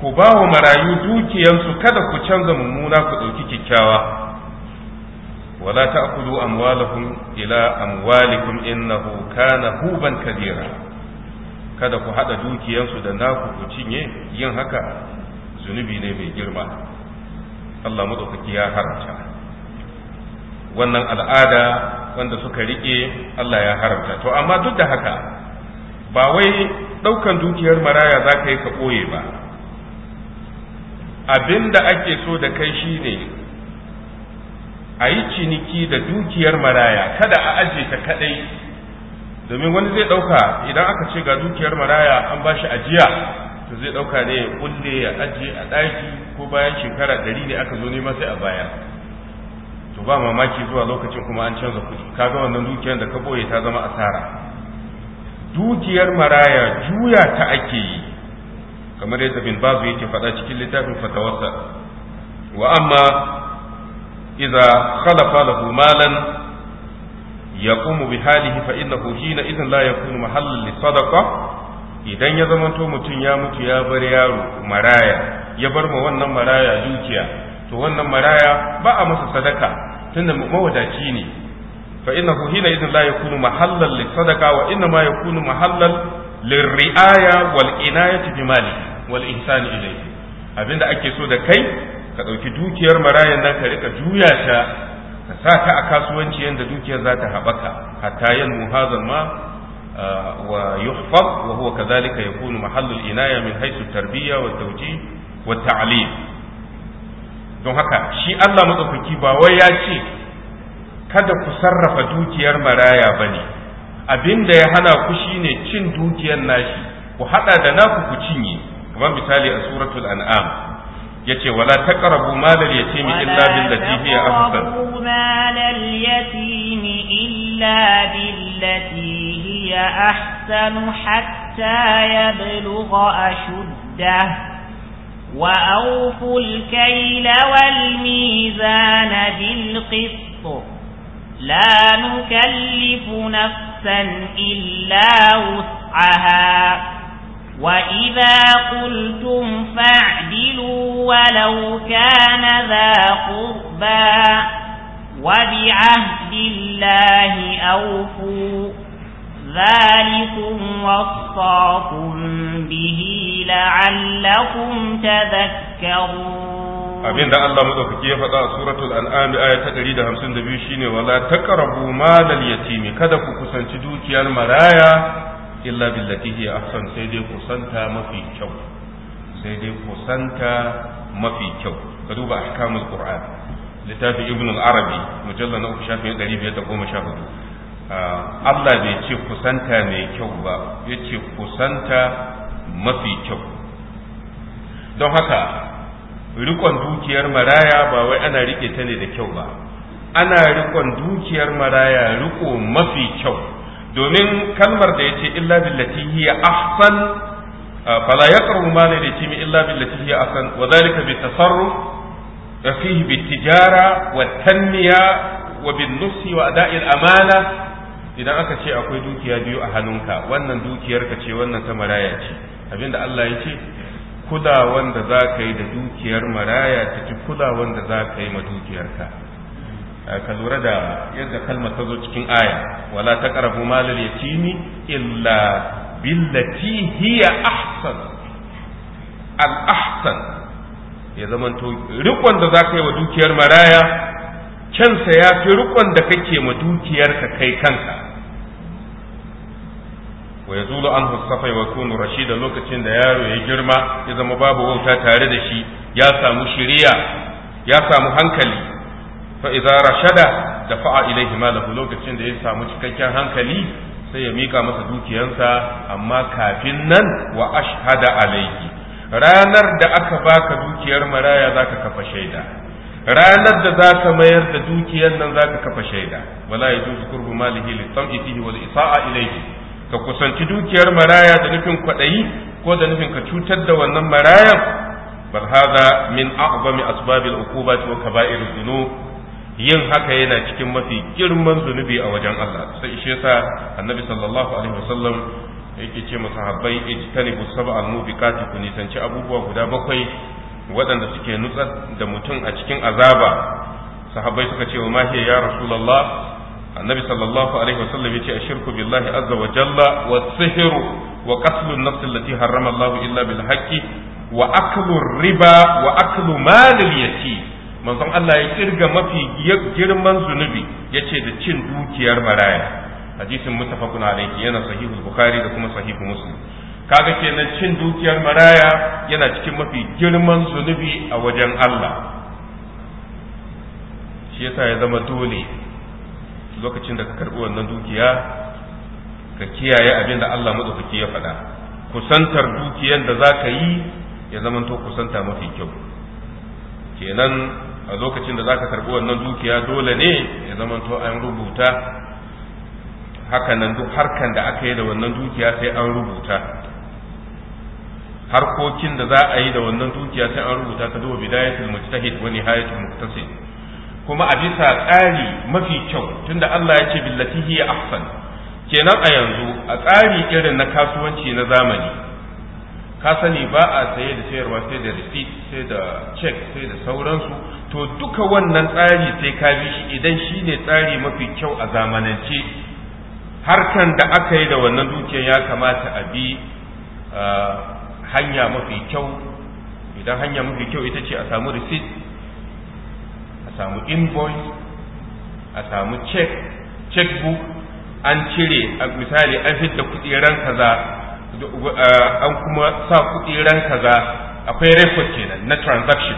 ku ba wa marayu dukiyansu kada ku canza mummuna ku dauki kikkiawa wa la ta'khudhu amwalahum ila amwalikum innahu kana huban kabira kada ku hada dukiyansu da naku ku cinye yin haka zunubi ne mai girma Allah madaukaki ya haramta wannan al'ada wanda suka riƙe, Allah ya haramta to amma duk da haka ba wai ɗaukan dukiyar maraya za ka yi ka ɓoye ba abin da ake so da kai shi ne a yi ciniki da dukiyar maraya kada a aje ta kaɗai domin wani zai ɗauka idan aka ce ga dukiyar maraya an ba shi ajiya to zai ɗauka ne ya kulle ya aje a ɗaki ko bayan shekara ɗari ne aka zo nema sai a bayar to ba mamaki zuwa lokacin kuma an canza kuɗi ga wannan dukiyar da ka boye ta zama asara dukiyar maraya juya ta ake yi kamar yadda bin bazu yake faɗa cikin littafin fatawarsa wa amma idza khalafa lahu malan yaqumu bi halihi fa innahu hina idan la yakunu mahallan li sadaqa idan ya zamanto mutum ya mutu ya bar yaro maraya ya bar ma wannan maraya dukiya to wannan maraya ba a masa sadaka tunda mawadaci ne fa innahu hina idin la yakunu mahallan lisadaqa wa inna ma yakunu mahallan lirriaya wal inayati bi mali wal ihsani ilayhi abinda ake so da kai ka dauki dukiyar marayan nan ka rika juya ta ka sa ta a kasuwanci yanda dukiyar za ta haɓaka hatta yan muhazan ma wa yuhfaz wa huwa kadhalika yakunu mahallul inaya min haythu tarbiyya wa tawjih wa ta'lim don haka shi Allah madaukaki ba wai ya ce kada ku sarrafa dukiyar maraya bane abinda ya hana ku shine cin dukiyar nashi ku hada da naku ku cinye kamar misali a suratul an'am yace wala taqrabu malal yatimi illa billati hiya ahsan malal yatimi illa billati hiya ahsan hatta yablugha ashuddah وأوفوا الكيل والميزان بالقسط لا نكلف نفسا إلا وسعها وإذا قلتم فاعدلوا ولو كان ذا قربا وبعهد الله أوفوا ذلكم وصاكم به لعلكم تذكرون abin da Allah madaukaki ya faɗa a suratul an'am aya ta 152 shine wala taqrabu malal yatimi kada ku kusanci dukiyar maraya illa billati hiya ahsan sai dai kusanta mafi kyau sai dai kusanta mafi kyau ka duba ahkamul qur'an littafin ibn al-arabi mujallal na 3 Ah, Allah bai ce kusanta mai kyau ba ya ce kusanta mafi kyau don haka rikon dukiyar maraya ba wai ana rike ta ne da kyau ba ana rikon dukiyar maraya riko mafi kyau domin kalmar da ya ce illa billati hiya ahsan ah, fala yaqrabu ma la yati min illa billati hiya ahsan wa dhalika bi tasarruf fihi bi tijara wa tanmiya wa bin nusi wa ada'i al amana idan aka ce akwai dukiya biyu a hannunka wannan dukiyar ka ce wannan ta maraya ce abinda Allah ya ce kula wanda za ka yi da dukiyar maraya ta ci kula wanda za ka yi ma dukiyarka ka lura da yadda kalma ta zo cikin aya wala ta karabu malar yatimi illa billati hiya ahsan al ahsan ya to rikon da za ka yi wa dukiyar maraya kyansa ya fi rikon da kake ma dukiyarka kai kanka wa ya zulu an hussafai wa kunu rashida lokacin da yaro ya girma ya zama babu wauta tare da shi ya samu shiriya ya samu hankali fa idza rashada da fa'a ilaihi malahu lokacin da ya samu cikakken hankali sai ya mika masa dukiyarsa amma kafin nan wa ashhada alayhi ranar da aka baka dukiyar maraya zaka kafa shaida ranar da zaka mayar da dukiyar nan zaka kafa shaida wala ya juzu kurbu malihi li sam'i wal isa'a ilayhi ka kusanci dukiyar maraya da nufin kwaɗayi ko da nufin ka cutar da wannan marayan bal hadha min a'zami asbabil uqubati wa kaba'ir dhunub yin haka yana cikin mafi girman zunubi a wajen Allah sai shi yasa annabi sallallahu alaihi wasallam yake ce masahabbai ijtanibu sab'al mubiqati ku nisanci abubuwa guda bakwai waɗanda suke nutsar da mutum a cikin azaba sahabbai suka ce wa mahiya ya rasulullah annabi sallallahu alaihi wasallam yace ashirku billahi azza wa jalla wa sihru wa qaslu an-nafs allati harrama Allah illa bil haqqi wa aklu riba wa aklu mal al-yatim manzon Allah ya kirga mafi girman zunubi yace da cin dukiyar maraya hadisin muttafaqun alaihi yana sahihul bukhari da kuma sahihu muslim kaga kenan cin dukiyar maraya yana cikin mafi girman zunubi a wajen Allah shi yasa ya zama dole lokacin da ka karɓi wannan dukiya ka kiyaye abin da Allah madaukaki ya faɗa kusantar dukiyan da za ka yi ya zamanto kusanta mafi kyau kenan a lokacin da za ka karɓi wannan dukiya dole ne ya zamanto an rubuta hakanan duk harkan da aka yi da wannan dukiya sai an rubuta harkokin da za a yi da wannan dukiya sai an rubuta ta zuwa bidayatul mujtahid wa nihayatul muqtasid kuma a bisa tsari mafi kyau tunda Allah ya ce billati hiya ahsan kenan a yanzu a tsari irin na kasuwanci na zamani ka sani ba a saye da sayarwa sai da receipt sai da check sai da sauransu to duka wannan tsari sai ka bi shi idan shi ne tsari mafi kyau a zamanance harkan da aka yi da wannan dukiyar ya kamata a bi ah, hanya mafi kyau idan hanya mafi kyau ita ce a samu receipt a samu invoice a samu check checkbook an cire a misali an fidda kuɗi ran kaza an kuma sa kuɗi ran kaza akwai record kenan na transaction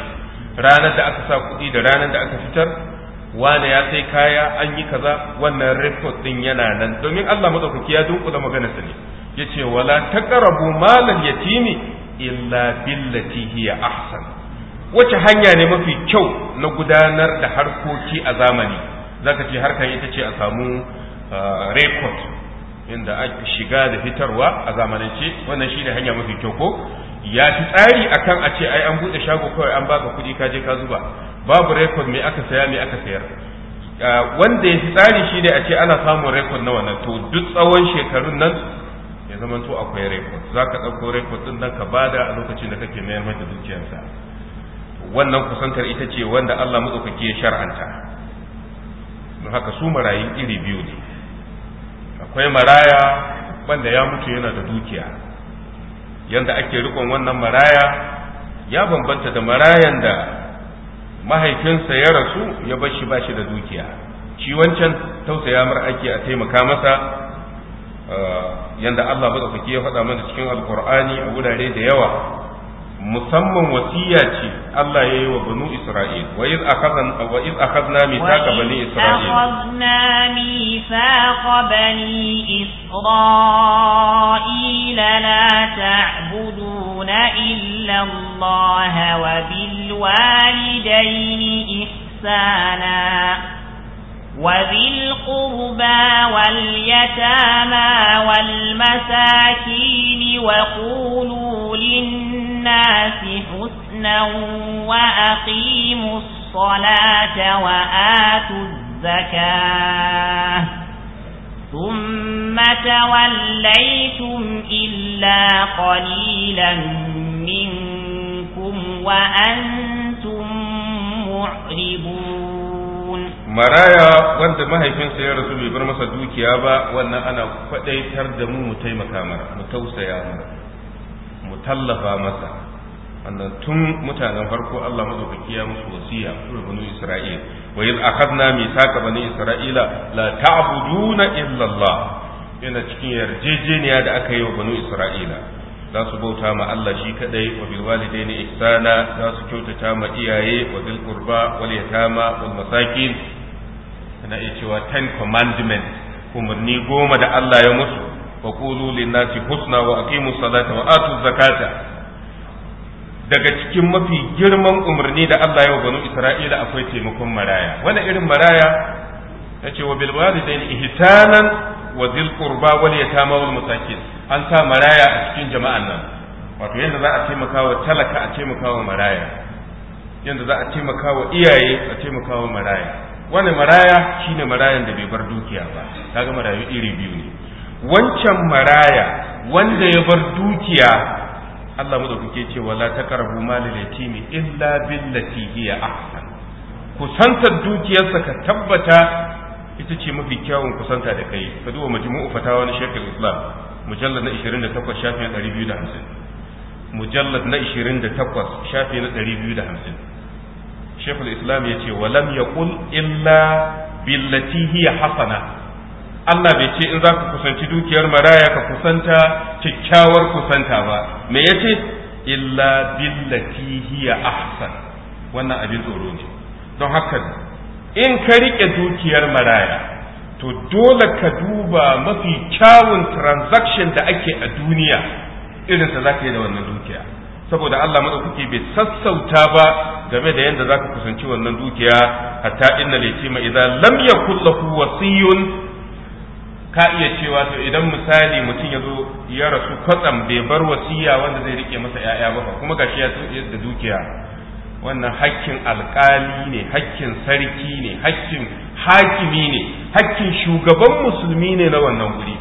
ranar da aka sa kuɗi da ranar da aka fitar wane ya sai kaya an yi kaza wannan record din yana nan domin Allah madaukaki ya dunkula maganarsa ne yace wala taqrabu malal yatimi illa billati hiya ahsan wace hanya ne mafi kyau na gudanar da harkoki a zamani zaka ce harkar ita ce a samu ah, rekod inda ake shiga da fitarwa a zamanance wannan shine hanya mafi kyau ko ya fi tsari akan a ce ai an bude shago kawai an baka kuɗi ka je ka zuba babu rekod me aka saya me aka sayar ah, wanda ya fi tsari shi ne a ce ana samun rekod na wannan to duk tsawon shekarun nan ya zama to akwai rekod za ka ɗauko rekod ɗin nan ka bada a lokacin da kake mayar mata dukiyarsa wannan kusantar ita ce wanda Allah maɗaukaki ya shar'anta don haka su marayu iri biyu ne akwai maraya wanda ya mutu yana da dukiya yanda ake rikon wannan maraya ya bambanta da marayan da mahaifinsa ya rasu ya bar shi bashi da dukiya shi wancan tausaya mar ake a taimaka masa eh, yanda Allah maɗaukaki ya faɗa mana cikin alkur'ani a wurare da yawa musamman wasiya ce Allah ya yi wa banu Isra'il wa iz akhadna wa iz akhadna mithaqa bani Isra'il akhadna mithaqa bani Isra'il la ta'buduna illa Allah wa bil walidayni ihsana وذي القربى واليتامى والمساكين وقولوا للناس حسنا وأقيموا الصلاة وآتوا الزكاة ثم توليتم إلا قليلا منكم وأنتم معربون maraya wanda mahaifinsa ya rasu bai bar masa dukiya ba wannan ana faɗaitar da mu mu taimaka mara mu tausaya mara mu tallafa masa wannan tun mutanen farko Allah madaukaki ya musu wasiya su banu Isra'il wa iz akhadna mithaqa bani Isra'ila la ta'buduna illa Allah yana cikin yarjejeniya da aka yi wa banu Isra'ila za su bauta ma Allah shi kadai wa bil walidaini ihsana za su kyautata ma iyaye wa bil qurba wal yatama wal masakin ina iya cewa ten commandment umarni goma da Allah ya musu wa qulu linnasi husna wa aqimu salata wa atu zakata daga cikin mafi girman umarni da Allah ya wa banu Isra'ila akwai taimakon maraya wani irin maraya ce wa bil walidaini ihsanan wa dhil qurba wal yatama wal masakin an sa maraya a cikin jama'an nan wato yanda za a taimaka wa talaka a taimaka wa maraya yanda za a taimaka wa iyaye a taimaka wa maraya wani maraya shine marayan da bai bar dukiya ba kaga marayu iri biyu ne wancan maraya wanda ya bar dukiya Allah kuke ce wala taqrabu malal yatimi illa billati hiya ahsan kusantar dukiyarsa ka tabbata ita ce mafi kyawun kusanta da kai ka duba majmu'u fatawa na shekaru Islam mujallad na 28 shafi na 250 mujallad na 28 shafi na 250 shekul islam ya ce walam yaqul illa billati hiya hasana Allah bai ce in za ka kusanci dukiyar maraya ka kusanta kyakkyawar kusanta ba me yace illa billati hiya ahsan wannan abin tsoro ne don haka in ka riƙe dukiyar maraya to dole ka duba mafi kyawun transaction da ake a duniya irinsa za ka yi da wannan dukiya saboda Allah kuke bai sassauta ba game da yadda zaka kusanci wannan dukiya hatta inna litima idza lam yakul lahu wasiyun ka iya cewa to idan misali mutum ya zo ya rasu kwatsam bai bar wasiya wanda zai rike masa yaya ba kuma gashi ya da dukiya wannan hakkin alkali ne hakkin sarki ne hakkin hakimi ne hakkin shugaban musulmi ne na wannan guri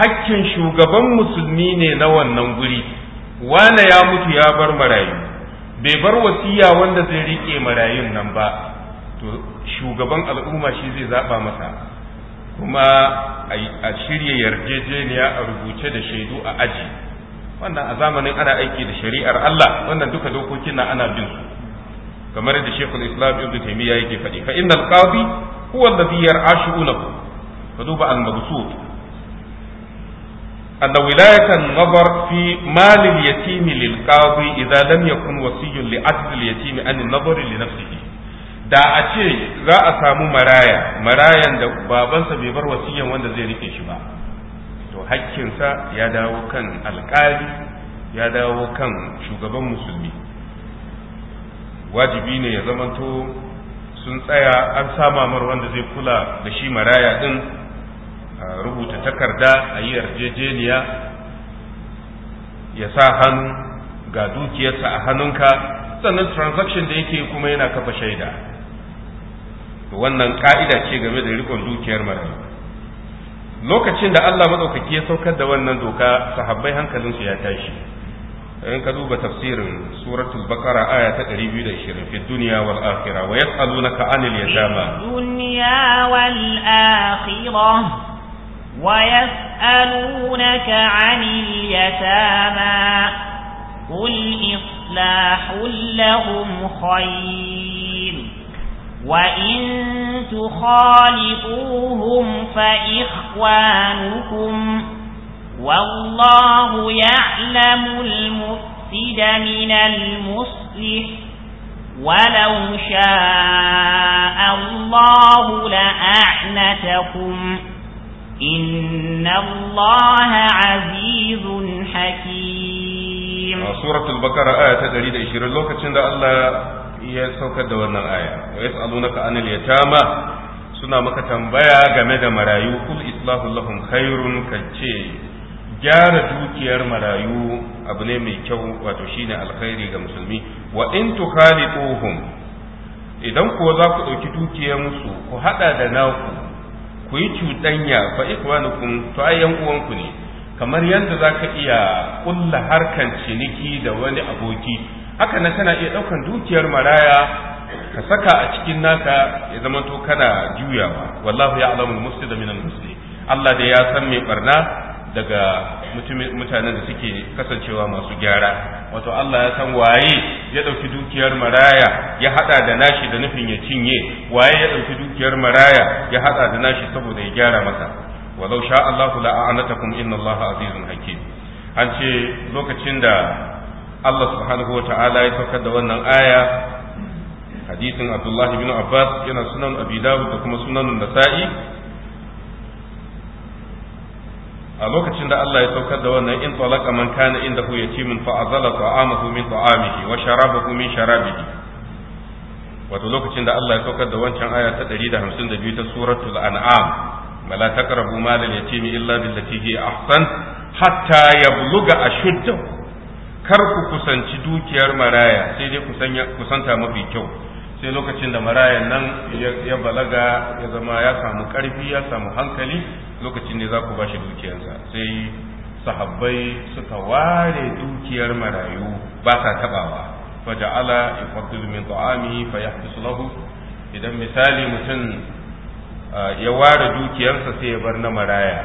hakkin shugaban musulmi ne na wannan guri wane ya mutu ya bar marayu bai bar wasiya wanda zai rike marayun nan ba to shugaban al'umma shi zai zaba masa kuma a shirya yarjejeniya a rubuce da shaidu a aji wannan a zamanin ana aiki da shari'ar Allah wannan duka dokokin na ana bin su kamar da Sheikhul Islam Ibn Taymiyyah yake faɗi fa innal qadi huwa alladhi yar'ashu ku fa duba al-mabsut أن ولاية النظر في مال اليتيم للقاضي إذا لم يكن وصي لعدل اليتيم عن النظر لنفسه da a ce za a samu maraya marayan da babansa bai bar wasiyan wanda zai rike shi ba to hakkinsa ya dawo kan alkali ya dawo kan shugaban musulmi wajibi ne ya zamanto sun tsaya an samamar wanda zai kula da shi maraya ɗin. rubuta takarda a yi yarjejeniya ya sa hannu ga dukiyarsa a hannunka sannan transaction da yake kuma yana kafa shaida wannan ka'ida ce game da rikon dukiyar mara. lokacin da Allah maɗaukaki ya saukar da wannan doka sahabbai hankalinsu ya tashi in ka duba tafsirin suratul baqara aya ta 220 fi dunya wal akhirah wa yas'alunaka 'anil yatama dunya wal akhirah ويسألونك عن اليتامى قل إصلاح لهم خير وإن تخالفوهم فإخوانكم والله يعلم المفسد من المصلح ولو شاء الله لأعنتكم إن الله عزيز حكيم سورة البقرة آية تدريد إشير لوكتشن الله يسوك دورنا آية ويسألونك عن اليتامى suna maka tambaya game da marayu kul islahu kairun khairun ce. gyara dukiyar marayu abu ne mai kyau wato shine alkhairi ga musulmi wa in tukhaliquhum idan kuwa za ku ɗauki dukiyar musu ku haɗa da naku ku yi cuɗanya fa ikwanukum to ai yan uwanku ne kamar yadda za ka iya kulla harkan ciniki da wani aboki haka nan kana iya ɗaukan dukiyar maraya ka saka a cikin naka ya zama to kana juyawa wallahu ya'lamu al-mufsida min al-muslih Allah da ya san mai barna daga mutanen da suke kasancewa masu gyara wato Allah ya san waye ya ɗauki dukiyar maraya ya haɗa da nashi da nufin ya cinye waye ya ɗauki dukiyar maraya ya haɗa da nashi saboda ya gyara masa walau sha Allah la a'anatakum inna Allah azizun hakim an ce lokacin da Allah subhanahu wa ta'ala ya saukar da wannan aya hadisin Abdullah ibn Abbas yana sunan Abi Dawud da kuma sunan Nasa'i a lokacin da Allah ya saukar da wannan in talaka man kana inda hu min fa azala ta'amahu min ta'amihi wa sharabahu min sharabihi wato lokacin da Allah ya saukar da wancan aya ta 152 ta suratul an'am mala taqrabu mal al-yatim illa billati hi ahsan hatta yabluga ashuddahu kar ku kusanci dukiyar maraya sai dai kusanta mafi kyau sai lokacin da marayan nan ya balaga ya zama ya samu karfi ya samu hankali lokacin ne za ku ba shi dukiyarsa sai sahabbai suka ware dukiyar marayu ba sa tabawa fa ja'ala min ta'ami fa yahbisu lahu idan misali mutum ya ware dukiyarsa sai ya bar na maraya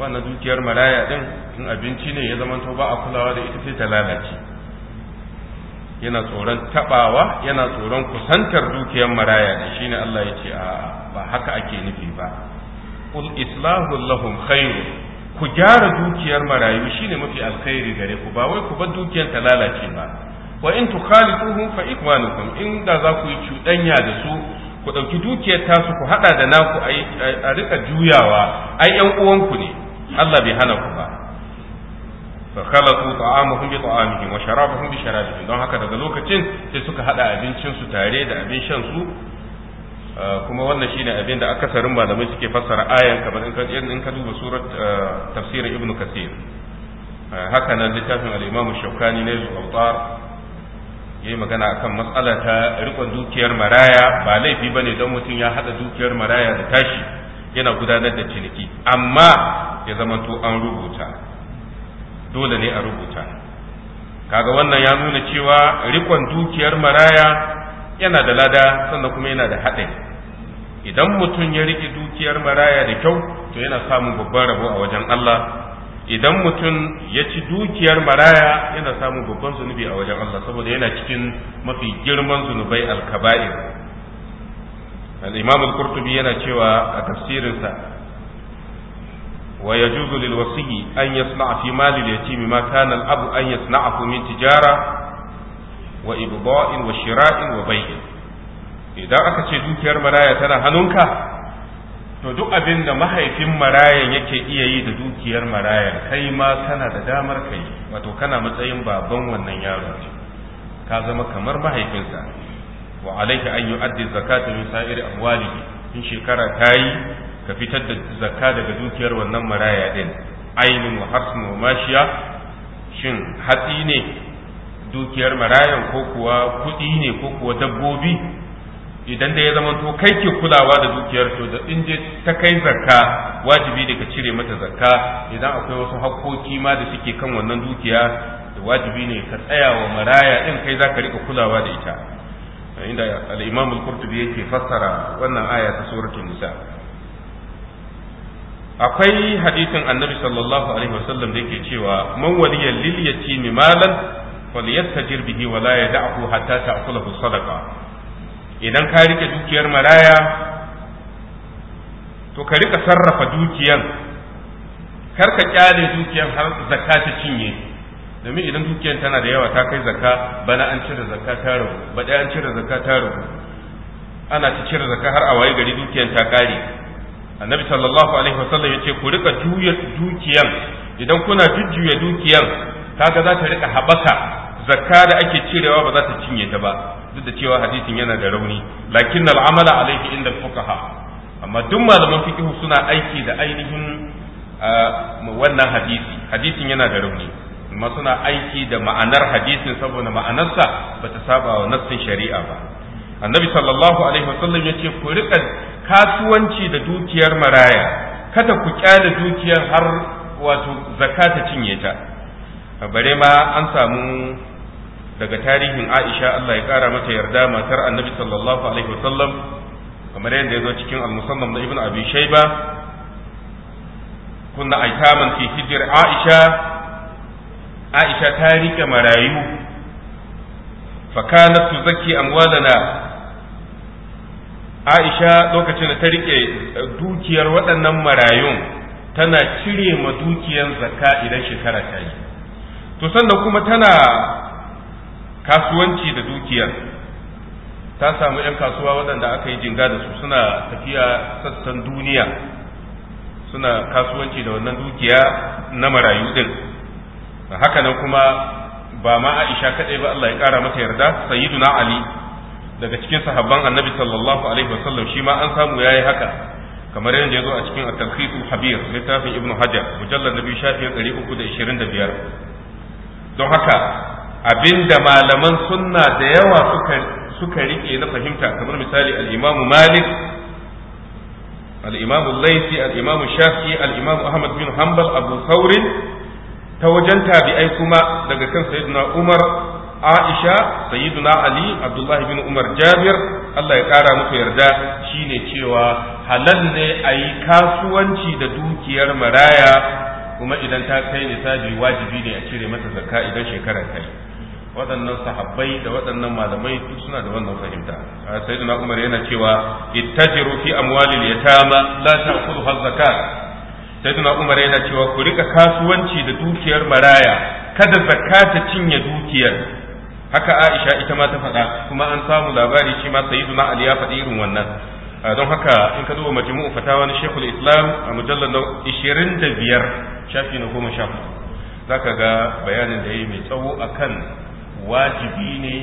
wannan dukiyar maraya din in abinci ne ya zama to ba a kulawa da ita sai ta lalace yana tsoron tabawa yana tsoron kusantar dukiyar maraya da shine Allah ya ce a ba haka ake nufi ba qul islahu lahum khairu ku gyara dukiyar marayu shine mafi alkhairi gare ku ba wai ku bar dukiyar ta lalace ba wa in tukhaliquhum fa ikwanukum in da za ku yi cuɗanya da su ku ɗauki dukiyar tasu ku haɗa da naku a rika juyawa ai ƴan uwanku ne Allah bai hana ku ba ta'amihim wa sharabuhum bi sharabihim don haka daga lokacin sai suka hada abincin su tare da abin shan su kuma wannan shine abin da akasarin malamai suke fassara ayan kamar in ka duba surat eh, tafsirin ibn kasir eh, haka nan littafin al-imam shaukani ne ya yayi magana akan matsala ta rikon dukiyar maraya ba laifi ba ne don mutum ya haɗa dukiyar maraya da tashi yana gudanar da ciniki amma ya zama an rubuta dole ne a rubuta kaga wannan ya nuna cewa rikon dukiyar maraya yana da lada sannan kuma yana da haɗin idan mutum ya riƙe dukiyar maraya da kyau to yana samun babban rabo a wajen Allah idan mutum ya ci dukiyar maraya yana samun babban zunubi a wajen Allah saboda yana cikin mafi girman zunubai alkaba'ir al-imam al-qurtubi yana cewa a tafsirinsa wa yajuzu lil wasiyi an yasna fi mali al-yatim ma kana al-abu an yasna'ahu min tijara wa ibda'in wa shira'in wa bay'in idan aka ce dukiyar maraya tana hannunka to duk abin da mahaifin marayan yake iya yi da dukiyar marayan kai ma kana da damar kai wato kana matsayin baban wannan yaro ka zama kamar mahaifinsa wa alayka an yu'addi zakata min sa'iri amwali in shekara tayi ka fitar da zakka daga dukiyar wannan maraya din ainin wa hasmu mashiya shin hatsi ne dukiyar marayan ko kuwa kuɗi ne ko kuwa dabbobi idan da ya zama to kai ke kulawa da dukiyar to da in je ta kai zakka wajibi ne ka cire mata zakka idan akwai wasu hakkoki ma da suke kan wannan dukiya da wajibi ne ka tsaya wa maraya ɗin kai zaka rika kulawa da ita inda al-Imam al-Qurtubi yake fassara wannan aya ta suratul nisa akwai hadisin annabi sallallahu alaihi wasallam da yake cewa man waliya lil yatimi malan falyastajir به ولا يدعه حتى hatta ta'kulahu sadaqa idan ka rike dukiyar maraya to ka rika sarrafa dukiyan kar ka kyale dukiyan har zakka ta cinye domin idan dukiyan tana da yawa ta kai zakka bana an cire zakka ta rubu ba an cire zakka ta rubu ana ta cire zakka har a waye gari dukiyan ta kare annabi sallallahu alaihi wasallam yace ku rika juya dukiyan idan kuna jujjuya dukiyan kaga za ta rika habaka zakka da ake cirewa ba za ta cinye ta ba duk da cewa hadisin yana da rauni lakin al'amala alaihi inda fuqaha amma duk malaman fiqh suna aiki da ainihin wannan hadisi hadisin yana da rauni amma suna aiki da ma'anar hadisin saboda ma'anarsa ba ta saba wa nassin shari'a ba annabi sallallahu alaihi wasallam yace ku rika kasuwanci da dukiyar maraya kada ku kyale dukiyar har wato zakata cinye ta bare ma an samu daga tarihin aisha Allah ya kara mata yarda matar annabi sallallahu alaihi wasallam kamar yadda ya zo cikin al-musannam da ibn abi shayba kunna aitaman fi hijr aisha aisha ta rike marayu fa kanat tuzakki amwalana aisha lokacin da ta rike dukiyar waɗannan marayun tana cire ma dukiyar zakka idan shekara ta yi to sannan kuma tana kasuwanci da dukiyar ta samu 'yan kasuwa waɗanda aka yi jinga da su suna tafiya sassan duniya suna kasuwanci da wannan dukiya na marayu din haka nan kuma ba ma Aisha kaɗai ba Allah ya ƙara mata yarda sayyiduna Ali daga cikin sahabban Annabi sallallahu alaihi wasallam shi ma an samu yayi haka kamar yadda ya zo a cikin at-Talkhis al-Habir littafin ibnu Hajar mujallad nabi shafi 325 don haka abinda malaman sunna da yawa suka suka rike na fahimta kamar misali al-Imam Malik al-Imam Al-Laythi al-Imam Shafi al-Imam Ahmad bin Hanbal Abu Thawr ta wajen tabi'ai kuma daga kan sayyidina Umar Aisha sayyidina Ali Abdullah bin Umar Jabir Allah ya kara muku yarda shine cewa halal ne a yi kasuwanci da dukiyar maraya kuma idan ta kai nisabi wajibi ne a cire mata zakka idan shekarar kai waɗannan sahabbai da waɗannan malamai duk suna da wannan fahimta sayyidina umar yana cewa ittajiru fi amwalil yatama la ta'khudhu zakat sayyidina umar yana cewa ku rika kasuwanci da dukiyar maraya kada zakka ta cinye dukiyar haka aisha ita ma ta faɗa kuma an samu labari shi ma sayyidina ali ya faɗi irin wannan don haka in ka duba majmu'u fatawa na Sheikhul Islam a mujallar 25 shafi na goma sha zaka ga bayanin da yayi mai tsawo akan wajibi ne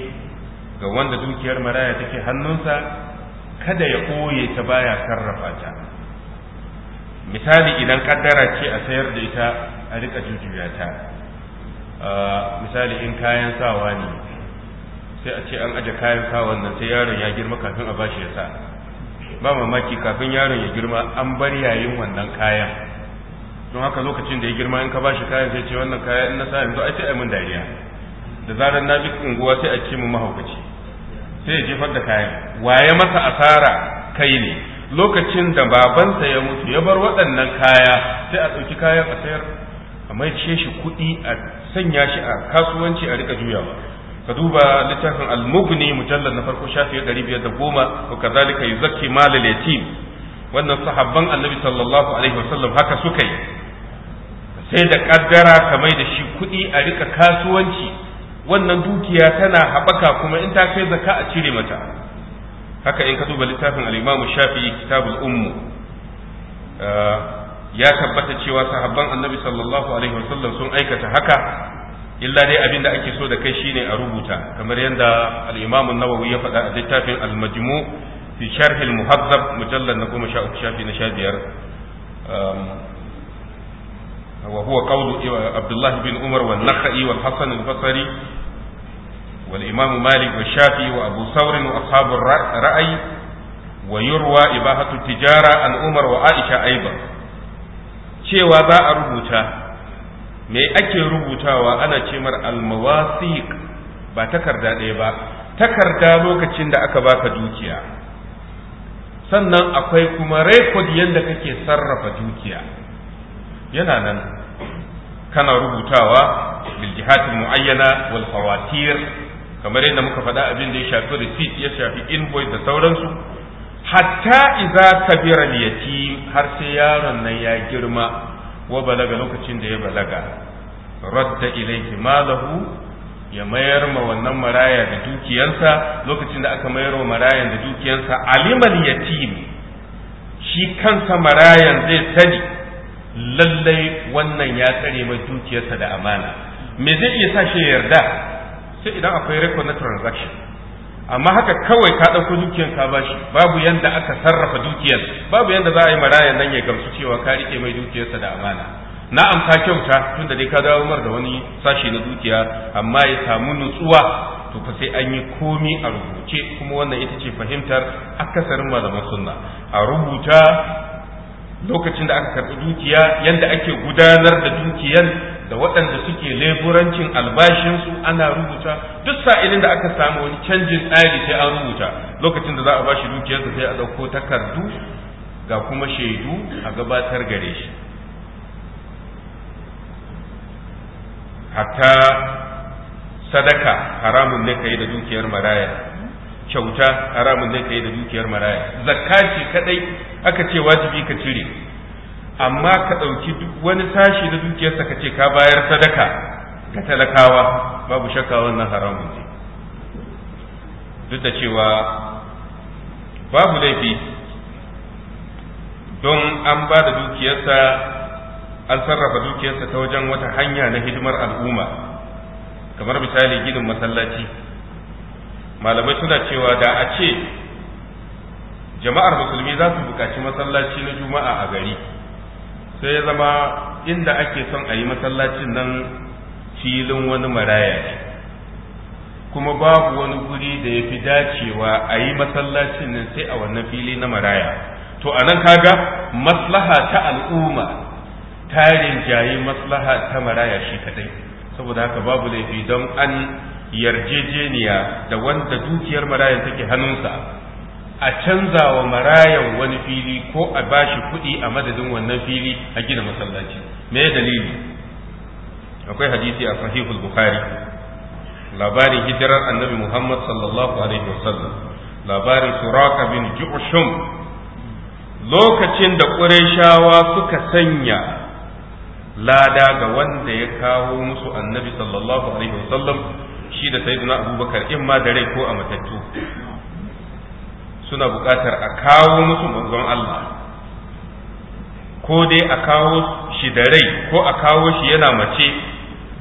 ga wanda dukiyar maraya take hannunsa kada ya koye ta baya sarrafa ta misali idan kaddara ce a sayar da ita a rika jujuya ta misali in kayan sawa ne sai a ce an aje kayan sawan nan sai yaron ya girma kafin a bashi ya sa ba mamaki kafin yaron ya girma an bar yayin wannan kayan don haka lokacin da ya girma in ka bashi kayan sai ce wannan kayan in na sa yanzu ai sai ai mun dariya da zarar na bi unguwa sai a ce mu mahaukaci sai ya jefar da kayan waye masa asara kai ne lokacin da babansa ya mutu ya bar waɗannan kaya sai a ɗauki kayan a sayar a mai ce shi kuɗi a sanya shi a kasuwanci a rika juyawa ka duba littafin al-mughni mujallal na farko shafi 510 wa kazalika yuzakki malal yatim wannan sahabban annabi sallallahu alaihi wasallam haka suka yi sai da kaddara ka mai da shi kuɗi a rika kasuwanci wannan dukiya tana haɓaka kuma in ta kai zaka a cire mata haka in ka duba littafin al Shafi shafi'i kitabul ummu uh, ya tabbata cewa sahabban annabi sallallahu alaihi wasallam sun aikata haka illa dai abin da ake so da kai shine a rubuta kamar yadda al-Imam nawawi ya faɗa a littafin al-Majmu fi sharh al-Muhazzab mujallad na uku shafi na 15 um, wa huwa qawlu Abdullah bin Umar wa Nakhai wa Hasan al-Basri wal Imam Malik wa Shafi wa Abu Thawr wa ashabu ar-ra'y wa yurwa ibahatu tijara an Umar wa Aisha aidan cewa za a rubuta me ake rubutawa ana ce mar almawasiq ba takarda ɗaya ba takarda lokacin da aka baka dukiya sannan akwai kuma rekod yadda kake sarrafa dukiya yana nan kana rubutawa bil muayyana wal fawatir kamar yadda muka faɗa abin da ya shafi receipt ya shafi invoice da sauransu hatta iza kabira yatim har sai yaron nan ya girma wa balaga lokacin da ya balaga radda ilayhi malahu ya mayar ma wannan maraya da dukiyarsa lokacin da aka mayar wa marayan da dukiyarsa alimal yatim shi kansa marayan zai sani lallai wannan ya tsare mai dukiyarsa da amana me zai iya sa shi yarda sai idan akwai record na transaction amma haka kawai ka ɗauko dukiyar ka bashi babu yanda aka sarrafa dukiyar babu yanda za a yi marayan nan ya gamsu cewa ka rike mai dukiyarsa da amana na'am ka kyauta tunda dai ka dawo mar da wani sashi na dukiya amma ya samu nutsuwa to fa sai an yi komi a rubuce kuma wannan ita ce fahimtar akasarin malaman sunna a rubuta lokacin da aka karɓi dukiya yanda ake gudanar da dukiyar da waɗanda suke leburancin albashinsu ana rubuta duk sa'ilin da aka samu wani canjin tsari sai an rubuta lokacin da za a bashi dukiyarsa sai a ɗauko takardu ga kuma shaidu a gabatar gare shi hatta sadaka haramun ne kai da dukiyar maraya kyauta haramun ne kai da dukiyar maraya zakka ce kadai aka ce wajibi ka cire amma ka ɗauki duk wani sashi na dukiyarsa ka ce ka bayar sadaka ga talakawa babu shakka wannan haramun ne duk da cewa babu laifi don an ba da dukiyarsa an sarrafa dukiyarsa ta wajen wata hanya na hidimar al'umma kamar misali ginin masallaci malamai suna cewa da a ce jama'ar musulmi za su buƙaci masallaci na juma'a a gari sai ya zama inda ake son a yi masallacin nan filin wani maraya ne kuma babu wani guri da ya fi dacewa a yi masallacin nan sai a wannan fili na maraya to a nan kaga maslaha ta al'umma ta rinjaye maslaha ta maraya shi kadai saboda haka babu laifi don an yarjejeniya da wanda dukiyar marayan take hannunsa a canza wa marayan wani fili ko a bashi kuɗi a madadin wannan fili a gina masallaci me dalili akwai hadisi a sahihul bukhari labarin hijirar annabi muhammad sallallahu alaihi wasallam labarin suraka bin ju'shum lokacin da ƙurayshawa suka sanya lada ga wanda ya kawo musu annabi sallallahu alaihi wasallam shi da sayyidina abubakar in ma da rai ko a matattu suna buƙatar a kawo musu manzon Allah ko dai a kawo shi da rai ko a kawo shi yana mace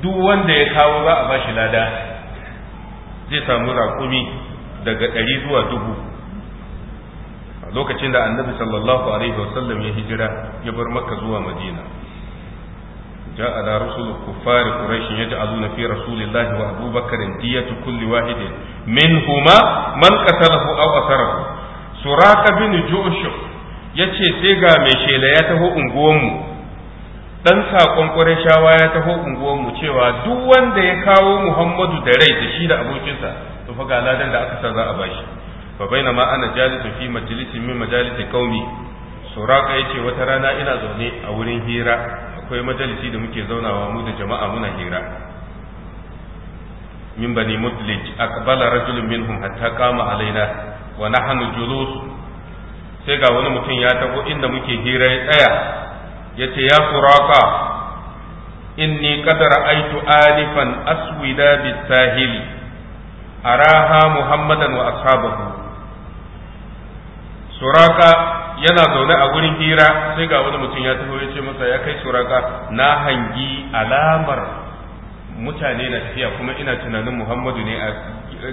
duk wanda ya kawo za a bashi lada zai samu raƙumi daga ɗari zuwa dubu a lokacin da annabi sallallahu alaihi wasallam ya hijira ya bar makka zuwa madina جاء على رسل الكفار قريش يجعلون في رسول الله وابو بكر دية كل واحد منهما من قتله او اثره suraka bin ya yace sai ga mai shela ya taho unguwanmu dan sakon shawa ya taho unguwanmu cewa duk wanda ya kawo muhammadu da rai da shi da abokinsa to fa ga ladan da aka san za a bashi fa ma ana jalisu fi majlisin min majalisi qaumi suraka yace wata rana ina zaune a wurin hira akwai majalisi da muke zaunawa mu da jama'a muna hira min bani mudlij aqbala rajulun minhum hatta qama alaina wa nahnu julus sai ga wani mutum ya taho inda muke hira ya tsaya yace ya suraka inni qad ra'aytu alifan aswida bisahili araha muhammadan wa ashabahu suraka yana zaune a gurin hira sai ga wani mutum ya taho yace masa ya kai suraka na hangi alamar mutane na tafiya kuma ina tunanin muhammadu ne a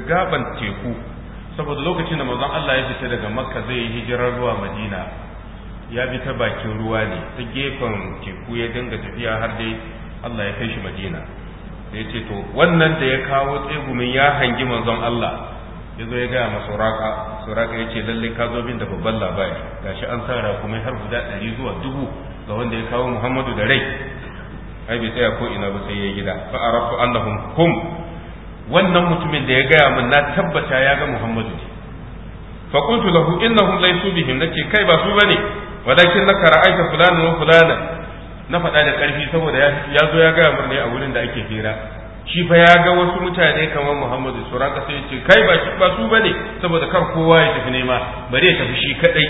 gaban teku saboda lokacin da mazan Allah ya fita daga makka zai yi hijirar ruwa madina ya bi ta bakin ruwa ne ta gefen teku ya dinga tafiya har dai Allah ya kai shi madina da ya ce to wannan da ya kawo tsegumin ya hangi mazan Allah ya zo ya gaya ma suraka ya ce lallai ka zo bin da babban labari Ga shi an sara kuma har guda ɗari zuwa dubu ga wanda ya kawo muhammadu da rai ai bai tsaya ko ina ba sai ya gida fa arafu annahum hum wannan mutumin da ya gaya min na tabbata ya ga Muhammadu ne fa kuntu lahu innahum laysu bihim nake kai ba su bane walakin naka ra'aita fulana wa fulana na faɗa da ƙarfi saboda ya zo ya gaya min ne a wurin da ake fira shi fa ya ga wasu mutane kamar Muhammadu suraka sai ce kai ba shi ba su bane saboda kar kowa ya tafi nema bari ya tafi shi kadai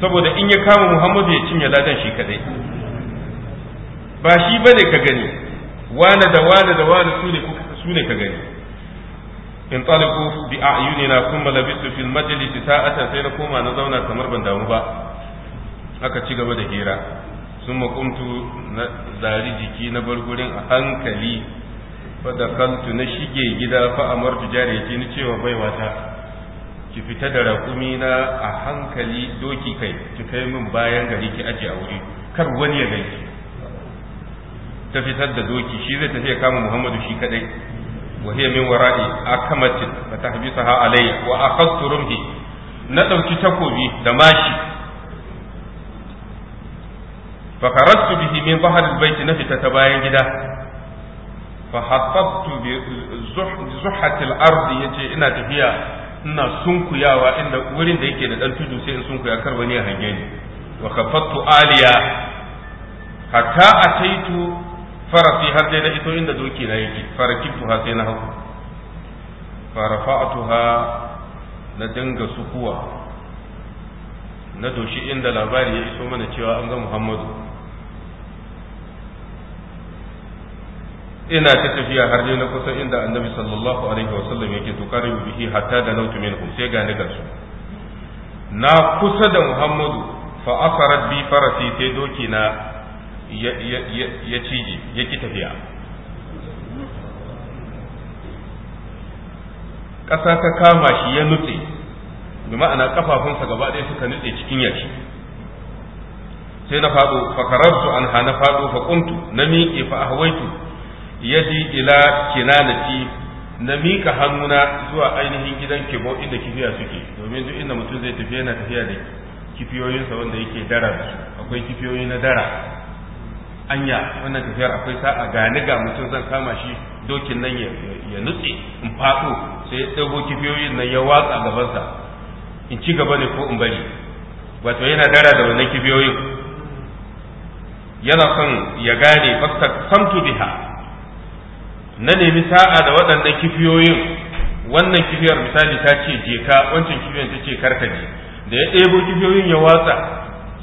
saboda in ya kama Muhammadu ya cinye ladan shi kadai ba shi bane ka gani wane da wane da wane su ne ka gani in talibu bi na kuma labistu fil majlisi sa'atan sai na koma na zauna kamar ban damu ba aka ci gaba da hira sun makumtu na zari jiki na gurin a hankali fadakaltu na shige gida fa ya jariyati ni cewa baiwa ta ki fita da raƙumi na a hankali doki kai ki kai min bayan gari ki aje a wuri kar wani ya gaishe ta fitar da doki shi zai tafi ya kama Muhammadu shi kadai وهي من ورائي أكمة فتحبسها علي وأخذت رمحي ندوك تكوبي دماشي فخرجت به من ظهر البيت نفت تباين جدا فحطبت بزحة الأرض يجي إنا تفيا ina سنكو يا wurin da yake da dan tudu sai in sunkuya kar wani ya hange ni wa kafattu farasi har sai na iso inda doki na yake farakibtu ha sai na hau ha na dinga sukuwa na doshi inda labari ya iso mana cewa an ga Muhammadu ina ta tafiya har dai na kusa inda annabi sallallahu alaihi wa sallam yake tukaribu bihi hatta da nautu minhum sai ga ni gasu na kusa da Muhammadu fa asarat bi farasi sai doki na ya cije ya ki tafiya ƙasa ta kama shi ya nutse da ma'ana ƙafafunsa gaba ɗaya suka nutse cikin yashi sai na faɗo fakararsu an hana faɗo faƙuntu na miƙe fa ya ji ila kinanati na miƙa hannuna zuwa ainihin gidan kibo inda kifiya suke domin duk inda mutum zai tafiya yana tafiya da kifiyoyinsa wanda yake dara akwai kifiyoyi na dara anya wannan tafiyar akwai sa'a gani ga mutum zan kama shi dokin nan ya nutse in faɗo sai ya tsago kifiyoyin nan ya watsa gabansa in ci gaba ne ko in bari wato yana dara da wannan kibiyoyin yana son ya gane fasta samtu biha na nemi sa'a da waɗannan kifiyoyin, wannan kifiyar misali ta ce je ka wancan kifiyar ta ce karkaje da ya ɗebo kifiyoyin ya watsa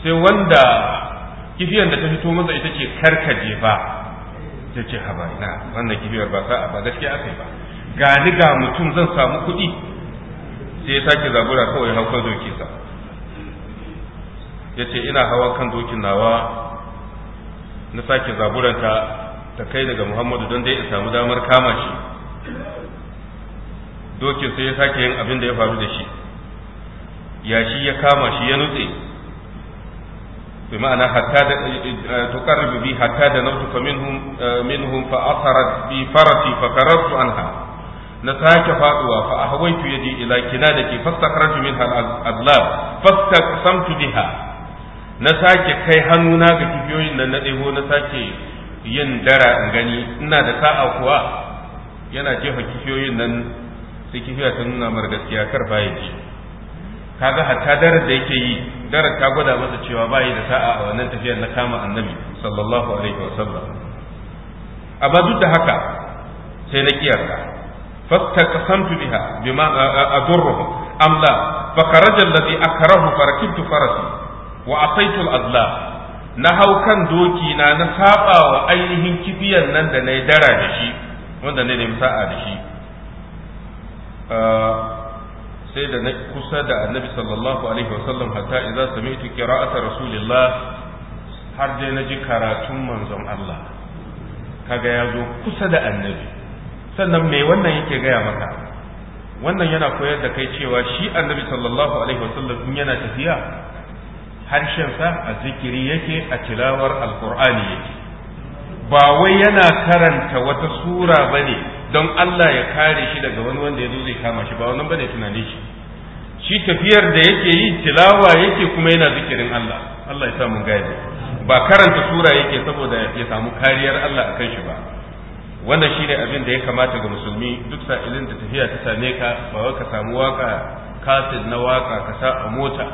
sai wanda kibiyan da ta fito masa ita ce karka ba ta ce haba na wannan kibiyar ba sa'a ba gaskiya aka yi ba gani ga mutum zan samu kuɗi sai ya sake zabura kawai hau kan doki sa ya ce ina hawa kan dokin nawa na sake zaburanta ta kai daga muhammadu don dai in samu damar kama shi dokin sai ya sake yin abin da ya faru da shi Ya shi ya kama shi ya nutse بمعنى ma'ana تقرب da حتى bi hatta da nafsu fa فرتي minhum عنها نساك bi fa qarartu anha na sake faduwa fa ahawaitu yadi ila kinadati fastakhraju minha al-adlab fastaqsamtu na sake ga kifiyoyin sake yin dara in gani ina da sa'a kuwa yana jefa kifiyoyin nan sai kifiya ta nuna mar gaskiya kar baya ji kaga hatta darar da yake yi darar ta gwada masa cewa bayi da sa'a a wannan tafiyar na kama annabi sallallahu alaihi wa sallam ba duk da haka sai na kiyarta fastaqsamtu biha bima adurru amla fa karaja alladhi akrahu farakibtu farasi wa ataitu al na hau kan doki na na saba wa ainihin kibiyan nan da na dara da shi wanda ne da sa'a da shi ah, sai da na kusa da annabi sallallahu alaihi wasallam hatta idza sami'tu qira'ata rasulillah har dai na ji karatun manzon Allah kaga ya zo kusa da annabi sannan me wannan yake gaya maka wannan yana koyar da kai cewa shi annabi sallallahu alaihi wasallam in yana tafiya harshensa a zikiri yake a tilawar alqur'ani yake ba wai yana karanta wata sura bane don Allah ya kare shi daga wani wanda ya zo zai kama shi ba wannan bane tunanin shi shi tafiyar da yake yi tilawa yake kuma yana zikirin Allah Allah ya sa mun gane ba karanta sura yake saboda ya samu kariyar Allah akan shi ba wannan shine abin da ya kamata ga musulmi duk sa'ilin da tafiya ta same ka ba wai ka samu waka kafin na waka ka sa a mota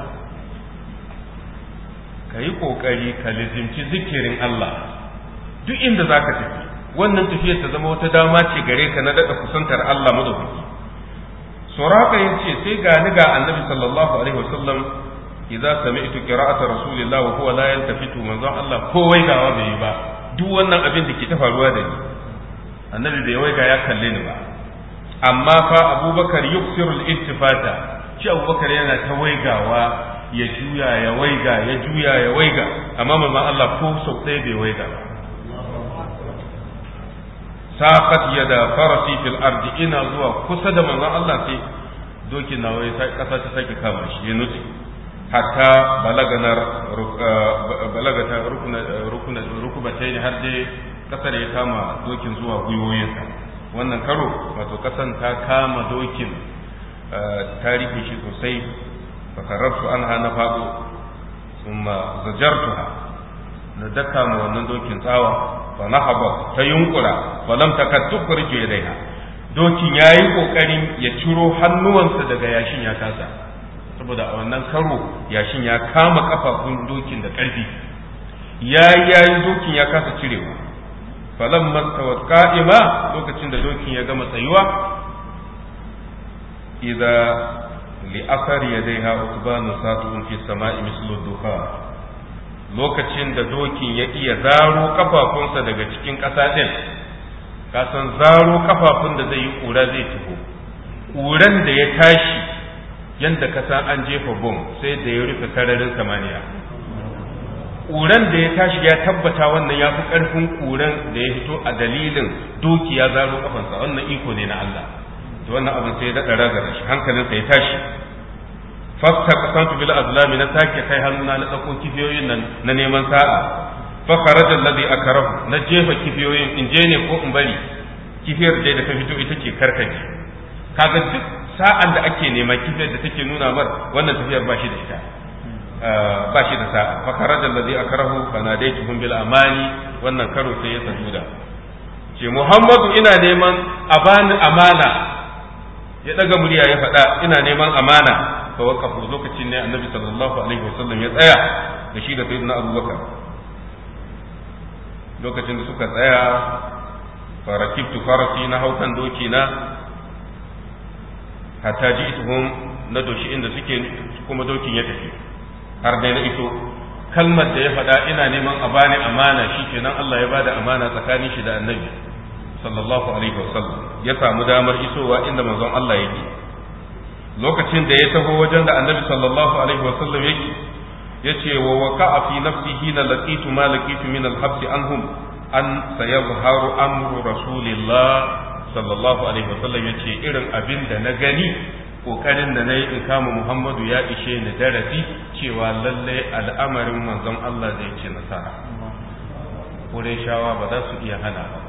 ka yi kokari ka lizimci zikirin Allah duk inda zaka ka tafi wannan tafiyar ta zama wata dama ce gare ka na daɗa kusantar Allah madaukaki suraka ya ce sai ga ni ga annabi sallallahu alaihi wasallam idza sami'tu qira'ata rasulillah wa huwa la yantafitu manzon Allah ko waigawa bai yi ba duk wannan abin da ke ta faruwa da ni annabi bai waiga ya kalle ni ba amma fa abubakar yuksiru al-ittifata shi abubakar yana ta waigawa ya juya ya waiga ya juya ya waiga amma manzon Allah ko sau ɗaya bai waiga ba taqat yada farasi fil ardi ina zuwa kusa da manzon Allah sai dokin nawa ya kasa ta sake kama shi ya nutse hatta balaganar eh, balagata rukuna rukuna rukubatai har dai kasar ya kama dokin zuwa guyoyinsa wannan karo wato kasan ta kama dokin eh, tarihi shi sosai fakararsu an hana faɗo sun ma zajartuha na daka ma wannan dokin tsawa fa nahaba ta yunƙura fa lam takad ya daiha. dokin yayi ƙoƙarin ya ciro hannuwansa daga yashin ya kasa saboda a wannan karo yashin ya kama kafafun dokin da karfi ya yi dokin ya kasa cirewa falamma tawat qa'ima lokacin da dokin ya gama tsayuwa idza li ba na sa tuhun fi samai misalin dukhan lokacin da dokin ya iya zaro kafafunsa daga cikin ƙasa ɗin kasan zaro kafafun da zai yi ƙura zai tuho ƙuran da ya tashi yadda ka an jefa bom sai da ya rufe sararin samaniya ƙuran da ya tashi ya tabbata wannan ya fi ƙarfin ƙuran da ya fito a dalilin doki ya zaro kafansa wannan iko ne na Allah Da wannan abin sai ya daɗa ragar shi hankalinsa ya tashi fafta qasamtu bil azlami na sake kai hannuna na dauko kifiyoyin nan na neman sa'a fa kharaja alladhi akrahu na jefa kifiyoyin in je ne ko in bari kifiyar dai da ta fito ita ce karkace kaga duk sa'an da ake nema kifiyar da take nuna mar wannan tafiyar ba shi da ita ah, ba shi da sa'a fa kharaja alladhi akrahu fa nadaytuhum bil amani wannan karo sai ya sajuda ce Muhammadu ina neman a bani amana ya daga murya ya faɗa ina neman amana tawakkafu lokacin ne annabi sallallahu alaihi wa sallam ya tsaya da shi da sayyidina abubakar lokacin da suka tsaya farakibtu farasi na haukan doki na hatta ji'tuhum na doshi inda suke kuma dokin ya tafi har dai na iso kalmar da ya faɗa ina neman a bani amana shi kenan Allah ya bada amana tsakanin shi da annabi sallallahu alaihi wa sallam ya samu damar isowa inda manzon Allah yake lokacin da ya taho wajen da annabi sallallahu alaihi wa sallam yake yace wa waka fi nafsihi la laqitu ma laqitu min al-habs anhum an sayazharu amru rasulillah sallallahu alaihi wa sallam yace irin abin da na gani kokarin da nayi in kama Muhammadu ya ishe ni darasi cewa lalle al'amarin manzon Allah zai ci nasara Qurayshawa ba za su iya hana ba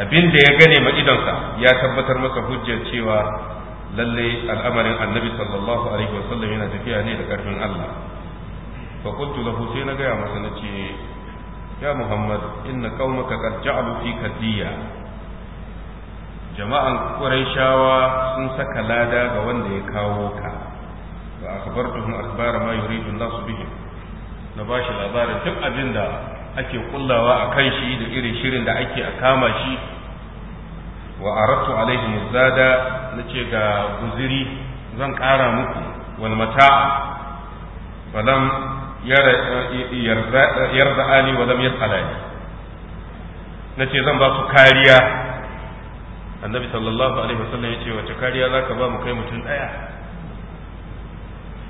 abin da ya gane ma idonsa ya tabbatar masa hujjar cewa lalle al'amarin annabi sallallahu alaihi wa sallam yana tafiya ne da karfin Allah fa qultu lahu sai na gaya masa nace ya Muhammad inna qaumaka qad ja'alu fi kadiya jama'an quraishawa sun saka lada ga wanda ya kawo ka wa akhbartuhum akhbar ma yuridu an bihi na bashi labarin duk abin da ake kullawa a kan shi da irin shirin da ake a kama shi wa aradtu alaihim zada na ce ga guziri zan ƙara muku wal mata'a falam yarda ali wa lam yasalani na ce zan ba su kariya annabi sallallahu alaihi wasallam ya ce wace kariya za ka ba mu kai mutum ɗaya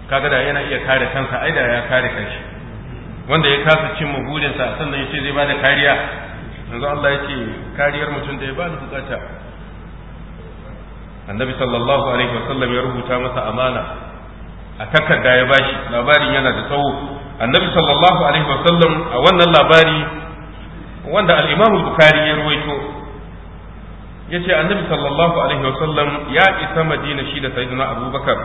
kaga da yana iya kare kansa ai da ya kare kanshi wanda ya kasa cin burinsa sannan ya ce zai ba da kariya yanzu Allah ya ce kariyar mutum da ya ba da bukata annabi sallallahu alaihi wasallam ya rubuta masa amana a takarda ya bashi labarin yana da tsawo annabi sallallahu alaihi wasallam a wannan labari wanda al-imam bukhari ya ruwaito yace annabi sallallahu alaihi wasallam ya isa madina shi da sayyidina abubakar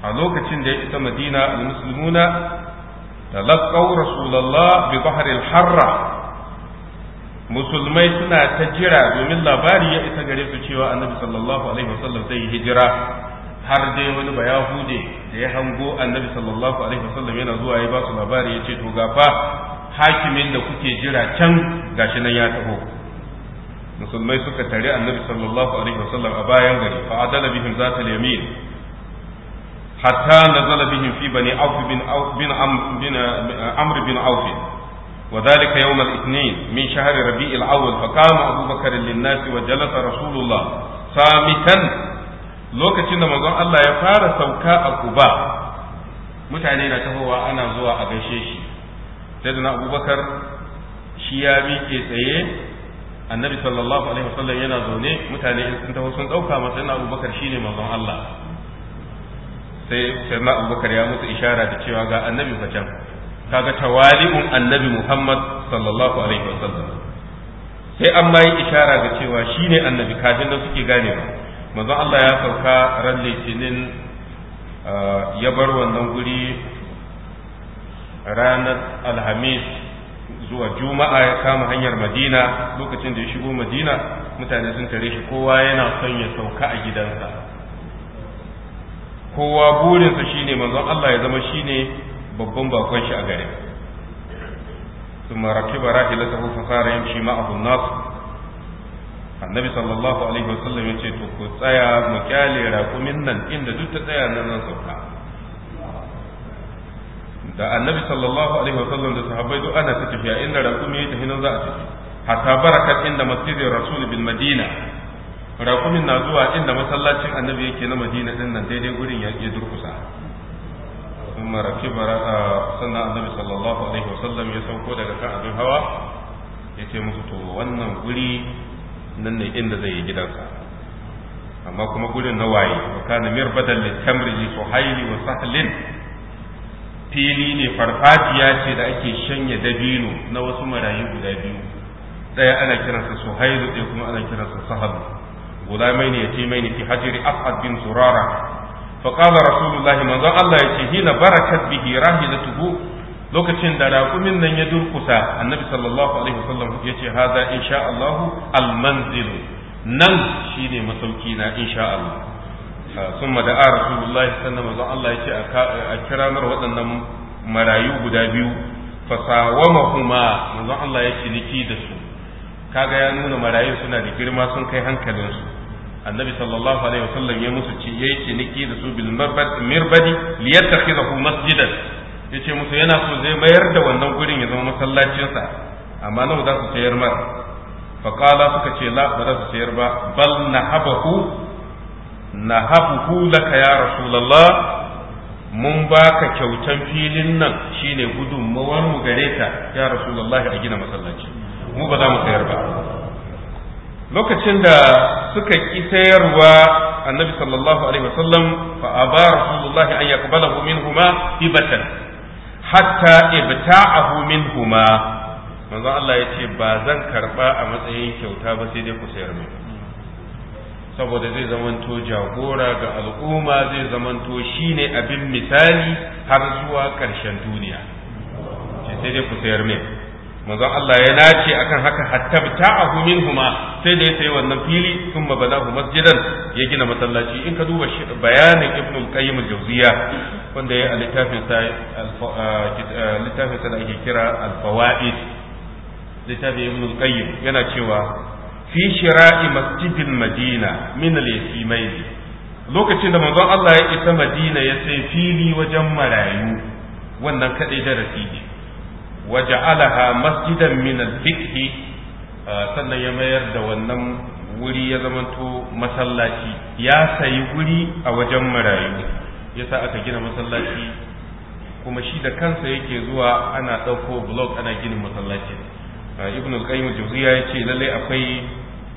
a lokacin da ya isa madina al-muslimuna talaqaw rasulullah bi bahr harra musulmai suna ta jira domin labari ya isa gare su cewa annabi sallallahu alaihi wasallam zai yi hijira har dai wani hude da ya hango annabi sallallahu alaihi wasallam yana zuwa ya ba su labari ya ce to gafa hakimin da kuke jira can gashi nan ya taho musulmai suka tare annabi sallallahu alaihi wasallam a bayan gari fa adala bihim zata yamin hatta nazala bihim fi bani auf bin auf bin amr bin eh, auf وذلك يوم الاثنين من شهر ربيع الأول فقام أبو بكر للناس وجلس رسول الله صامتا lokacin da manzon Allah ya fara sauka a Kuba mutane na tahowa ana zuwa a gaishe shi sayyidina Abubakar shi ya miƙe tsaye annabi sallallahu alaihi wasallam yana zaune mutane in sun taho sun dauka masa sayyidina Abubakar shine manzon Allah sai sayyidina Abubakar ya musu ishara da cewa ga annabi fa can kaga tawali'un annabi Muhammad sallallahu alaihi wasallam sai an ma yi ishara ga cewa shine annabi kafin da suke gane ba manzo Allah ya sauka ran litinin ya bar wannan guri ranar alhamis zuwa juma'a ya kama hanyar madina lokacin da ya shigo madina mutane sun tare shi kowa yana son ya sauka a gidansa kowa burinsa shine manzon Allah ya zama shine babban bakon shi a garin ثم ركب راحلته فصار يمشي معه الناس annabi sallallahu alaihi wasallam ya ce to ku tsaya mu kyale raƙumin nan inda duk ta tsaya nan zan sauka da annabi sallallahu alaihi wasallam da sahabbai duk ana ta tafiya inda raƙumi ya tafi nan za a tafi hatta barakat inda masjidin rasul bin madina raƙumin na zuwa inda masallacin annabi yake na madina din nan daidai gurin ya ke durkusa sun marafi sannan annabi sallallahu alaihi wasallam ya sauko daga kan abin hawa ya ce musu to wannan guri nan ne inda zai yi gidansa amma kuma gurin na waye wa kana mirbadan litamri li suhaili wa sahlin fili ne farfajiya ce da ake shanya dabino na wasu marayu guda biyu daya ana kiransa suhailu da kuma ana kiransa sahal gulamai ne ya ce mai ne fi hajiri as'ad bin surara fa qala rasulullahi manzon Allah yace hina barakat bihi rahilatuhu lokacin da raƙumin nan ya durkusa annabi sallallahu alaihi wasallam yace hada insha Allah al manzil nan shine masauki na insha Allah summa da rasulullahi sallallahu alaihi Allah yace a kira mar waɗannan marayu guda biyu fasawamahuma manzon Allah ya ciniki da su kaga ya nuna marayu suna da girma sun kai hankalinsu annabi sallallahu alaihi wasallam ya musu ce yayi ciniki da su bil mirbadi liyattakhidahu masjidan yace musu yana so zai mayar da wannan gurin ya zama masallacinsa amma nawa za su sayar mar faqala suka ce la ba za su sayar ba bal nahabahu nahabuhu laka ya rasulullah mun baka kyautan filin nan shine gudunmawar mu gare ya rasulullah a gina masallaci mu ba za mu sayar ba lokacin da suka ƙi sayarwa annabi sallallahu alaihi wasallam fa aba rasulullahi an yaqbalahu minhuma batan. hatta ibta'ahu minhuma manzo Allah yace ba zan karba a matsayin kyauta ba sai dai ku sayar min saboda zai zamanto jagora ga al'umma zai zamanto shine abin misali har zuwa ƙarshen duniya sai dai ku sayar min manzon Allah ya nace akan haka hatta ta'ahu minhuma sai da ya sayi wannan fili thumma balahu masjidan ya gina masallaci in ka duba bayanin Ibn qayyim al wanda ya a littafin sa littafin sa da ake kira al-Fawaid littafin Ibn qayyim yana cewa fi shira'i masjidil Madina min al-yatimain lokacin da manzon Allah ya isa Madina ya sai fili wajen marayu wannan kadai darasi ne Waje ja'alaha masjidan min al sannan ya mayar da wannan wuri ya zamanto masallaci ya sayi wuri a wajen marayu yasa aka gina masallaci kuma shi da kansa yake zuwa ana ɗauko blog ana ginin masallaci ibn al-qayyim ya ce lallai akwai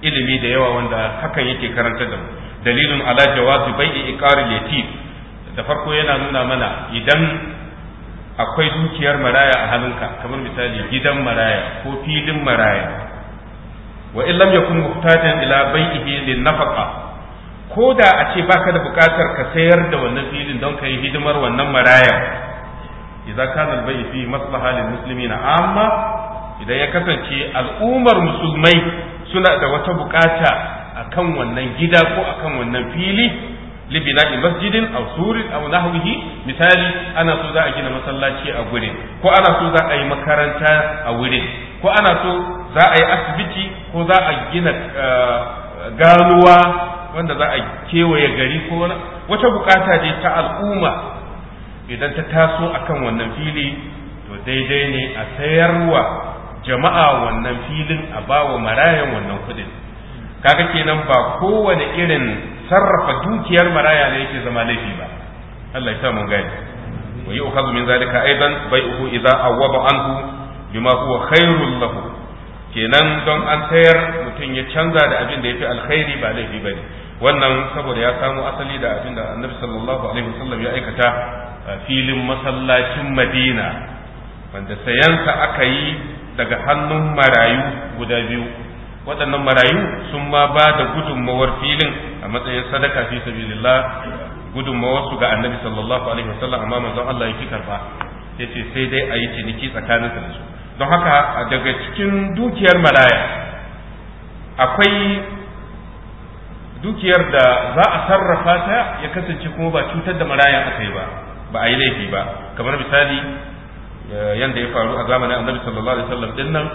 ilimi da yawa wanda hakan yake karanta da mu dalilun ala jawazi bai'i iqar yatim da farko yana nuna mana idan akwai dukiyar maraya a hannunka kamar misali gidan maraya ko filin maraya wa in lam yakun muhtajan ila bai'ihi lin nafaqa ko da a ce baka da bukatar ka sayar da wannan filin don ka yi hidimar wannan maraya idza kana al bai'u fi maslaha lil muslimina amma idan ya kasance al'ummar musulmai suna da wata bukata akan wannan gida ko akan wannan fili libina'i masjidin aw surin aw nahwihi misali ana so za gina masallaci a gurin ko ana so za yi makaranta a wurin ko ana so za yi asibiti ko za a gina ganuwa wanda za'a kewaye gari ko wani wata bukata dai ta al'umma idan ta taso akan wannan fili to daidai ne a sayarwa jama'a wannan filin a bawa marayan wannan kuɗin kaga kenan ba kowane irin sarrafa dukiyar maraya ne yake zama laifi ba Allah ya sa mun gani wa yi ukazu min zalika aidan bai'uhu idza awwaba anhu bima huwa khairul lahu kenan don an sayar mutum ya canza da abin da yafi alkhairi ba laifi bane wannan saboda ya samu asali da abin da Annabi sallallahu alaihi wasallam ya aikata filin masallacin Madina wanda sayansa aka yi daga hannun marayu guda biyu waɗannan marayu sun ma ba da gudunmawar filin a matsayin sadaka fi sabilillah gudunmawar su ga annabi sallallahu alaihi wasallam amma manzon Allah yake karba yace sai dai a yi ciniki tsakanin su don haka daga cikin dukiyar malaya akwai dukiyar da za a sarrafa ta ya kasance kuma ba cutar da maraya aka yi ba ba a yi laifi ba kamar misali eh, yanda ya faru a zamanin annabi sallallahu alaihi wasallam dinnan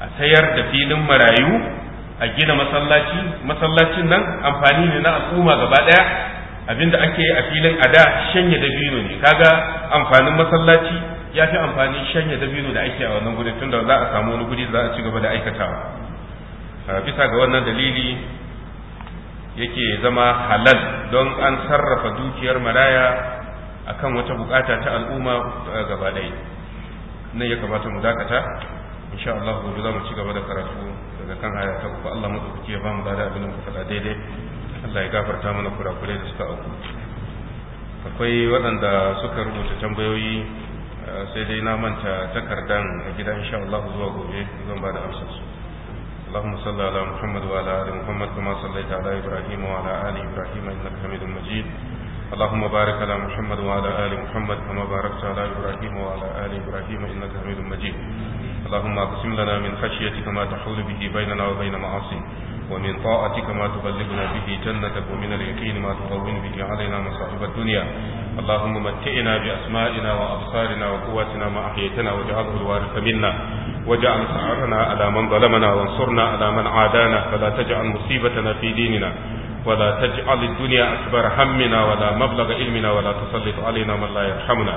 a sayar da filin marayu a gina masallaci masallacin nan amfani ne na al'umma gaba daya abinda ake a filin ada shanye dabino ne kaga amfanin masallaci ya fi amfani shanye dabino da ake a wannan guri tunda za a samu wani guri za a ci gaba da aikatawa bisa ga wannan dalili yake zama halal don an sarrafa dukiyar maraya akan wata bukata ta al'umma eh, gaba daya nan ya kamata mu dakata insha Allah gobe za mu ci gaba da karatu daga kan aya ta uku Allah mutu ya ba mu da abin da muka daidai Allah ya gafarta mana kurakurai da suka auku akwai waɗanda suka rubuta tambayoyi eh, sai dai na manta takardan a gida insha Allah zuwa gobe zan ba da amsar su اللهم صل على محمد وعلى ال محمد كما صليت على ابراهيم وعلى ال ابراهيم انك حميد مجيد اللهم بارك على محمد وعلى ال محمد كما باركت على ابراهيم وعلى ال ابراهيم انك حميد مجيد اللهم اقسم لنا من خشيتك ما تحول به بيننا وبين معاصيك ومن طاعتك ما تبلغنا به جنتك ومن اليقين ما تطول به علينا مصائب الدنيا اللهم متئنا بأسمائنا وأبصارنا وقواتنا ما أحيتنا واجعله الوارث منا واجعل سعرنا على من ظلمنا وانصرنا على من عادانا فلا تجعل مصيبتنا في ديننا ولا تجعل الدنيا أكبر همنا ولا مبلغ علمنا ولا تسلط علينا من لا يرحمنا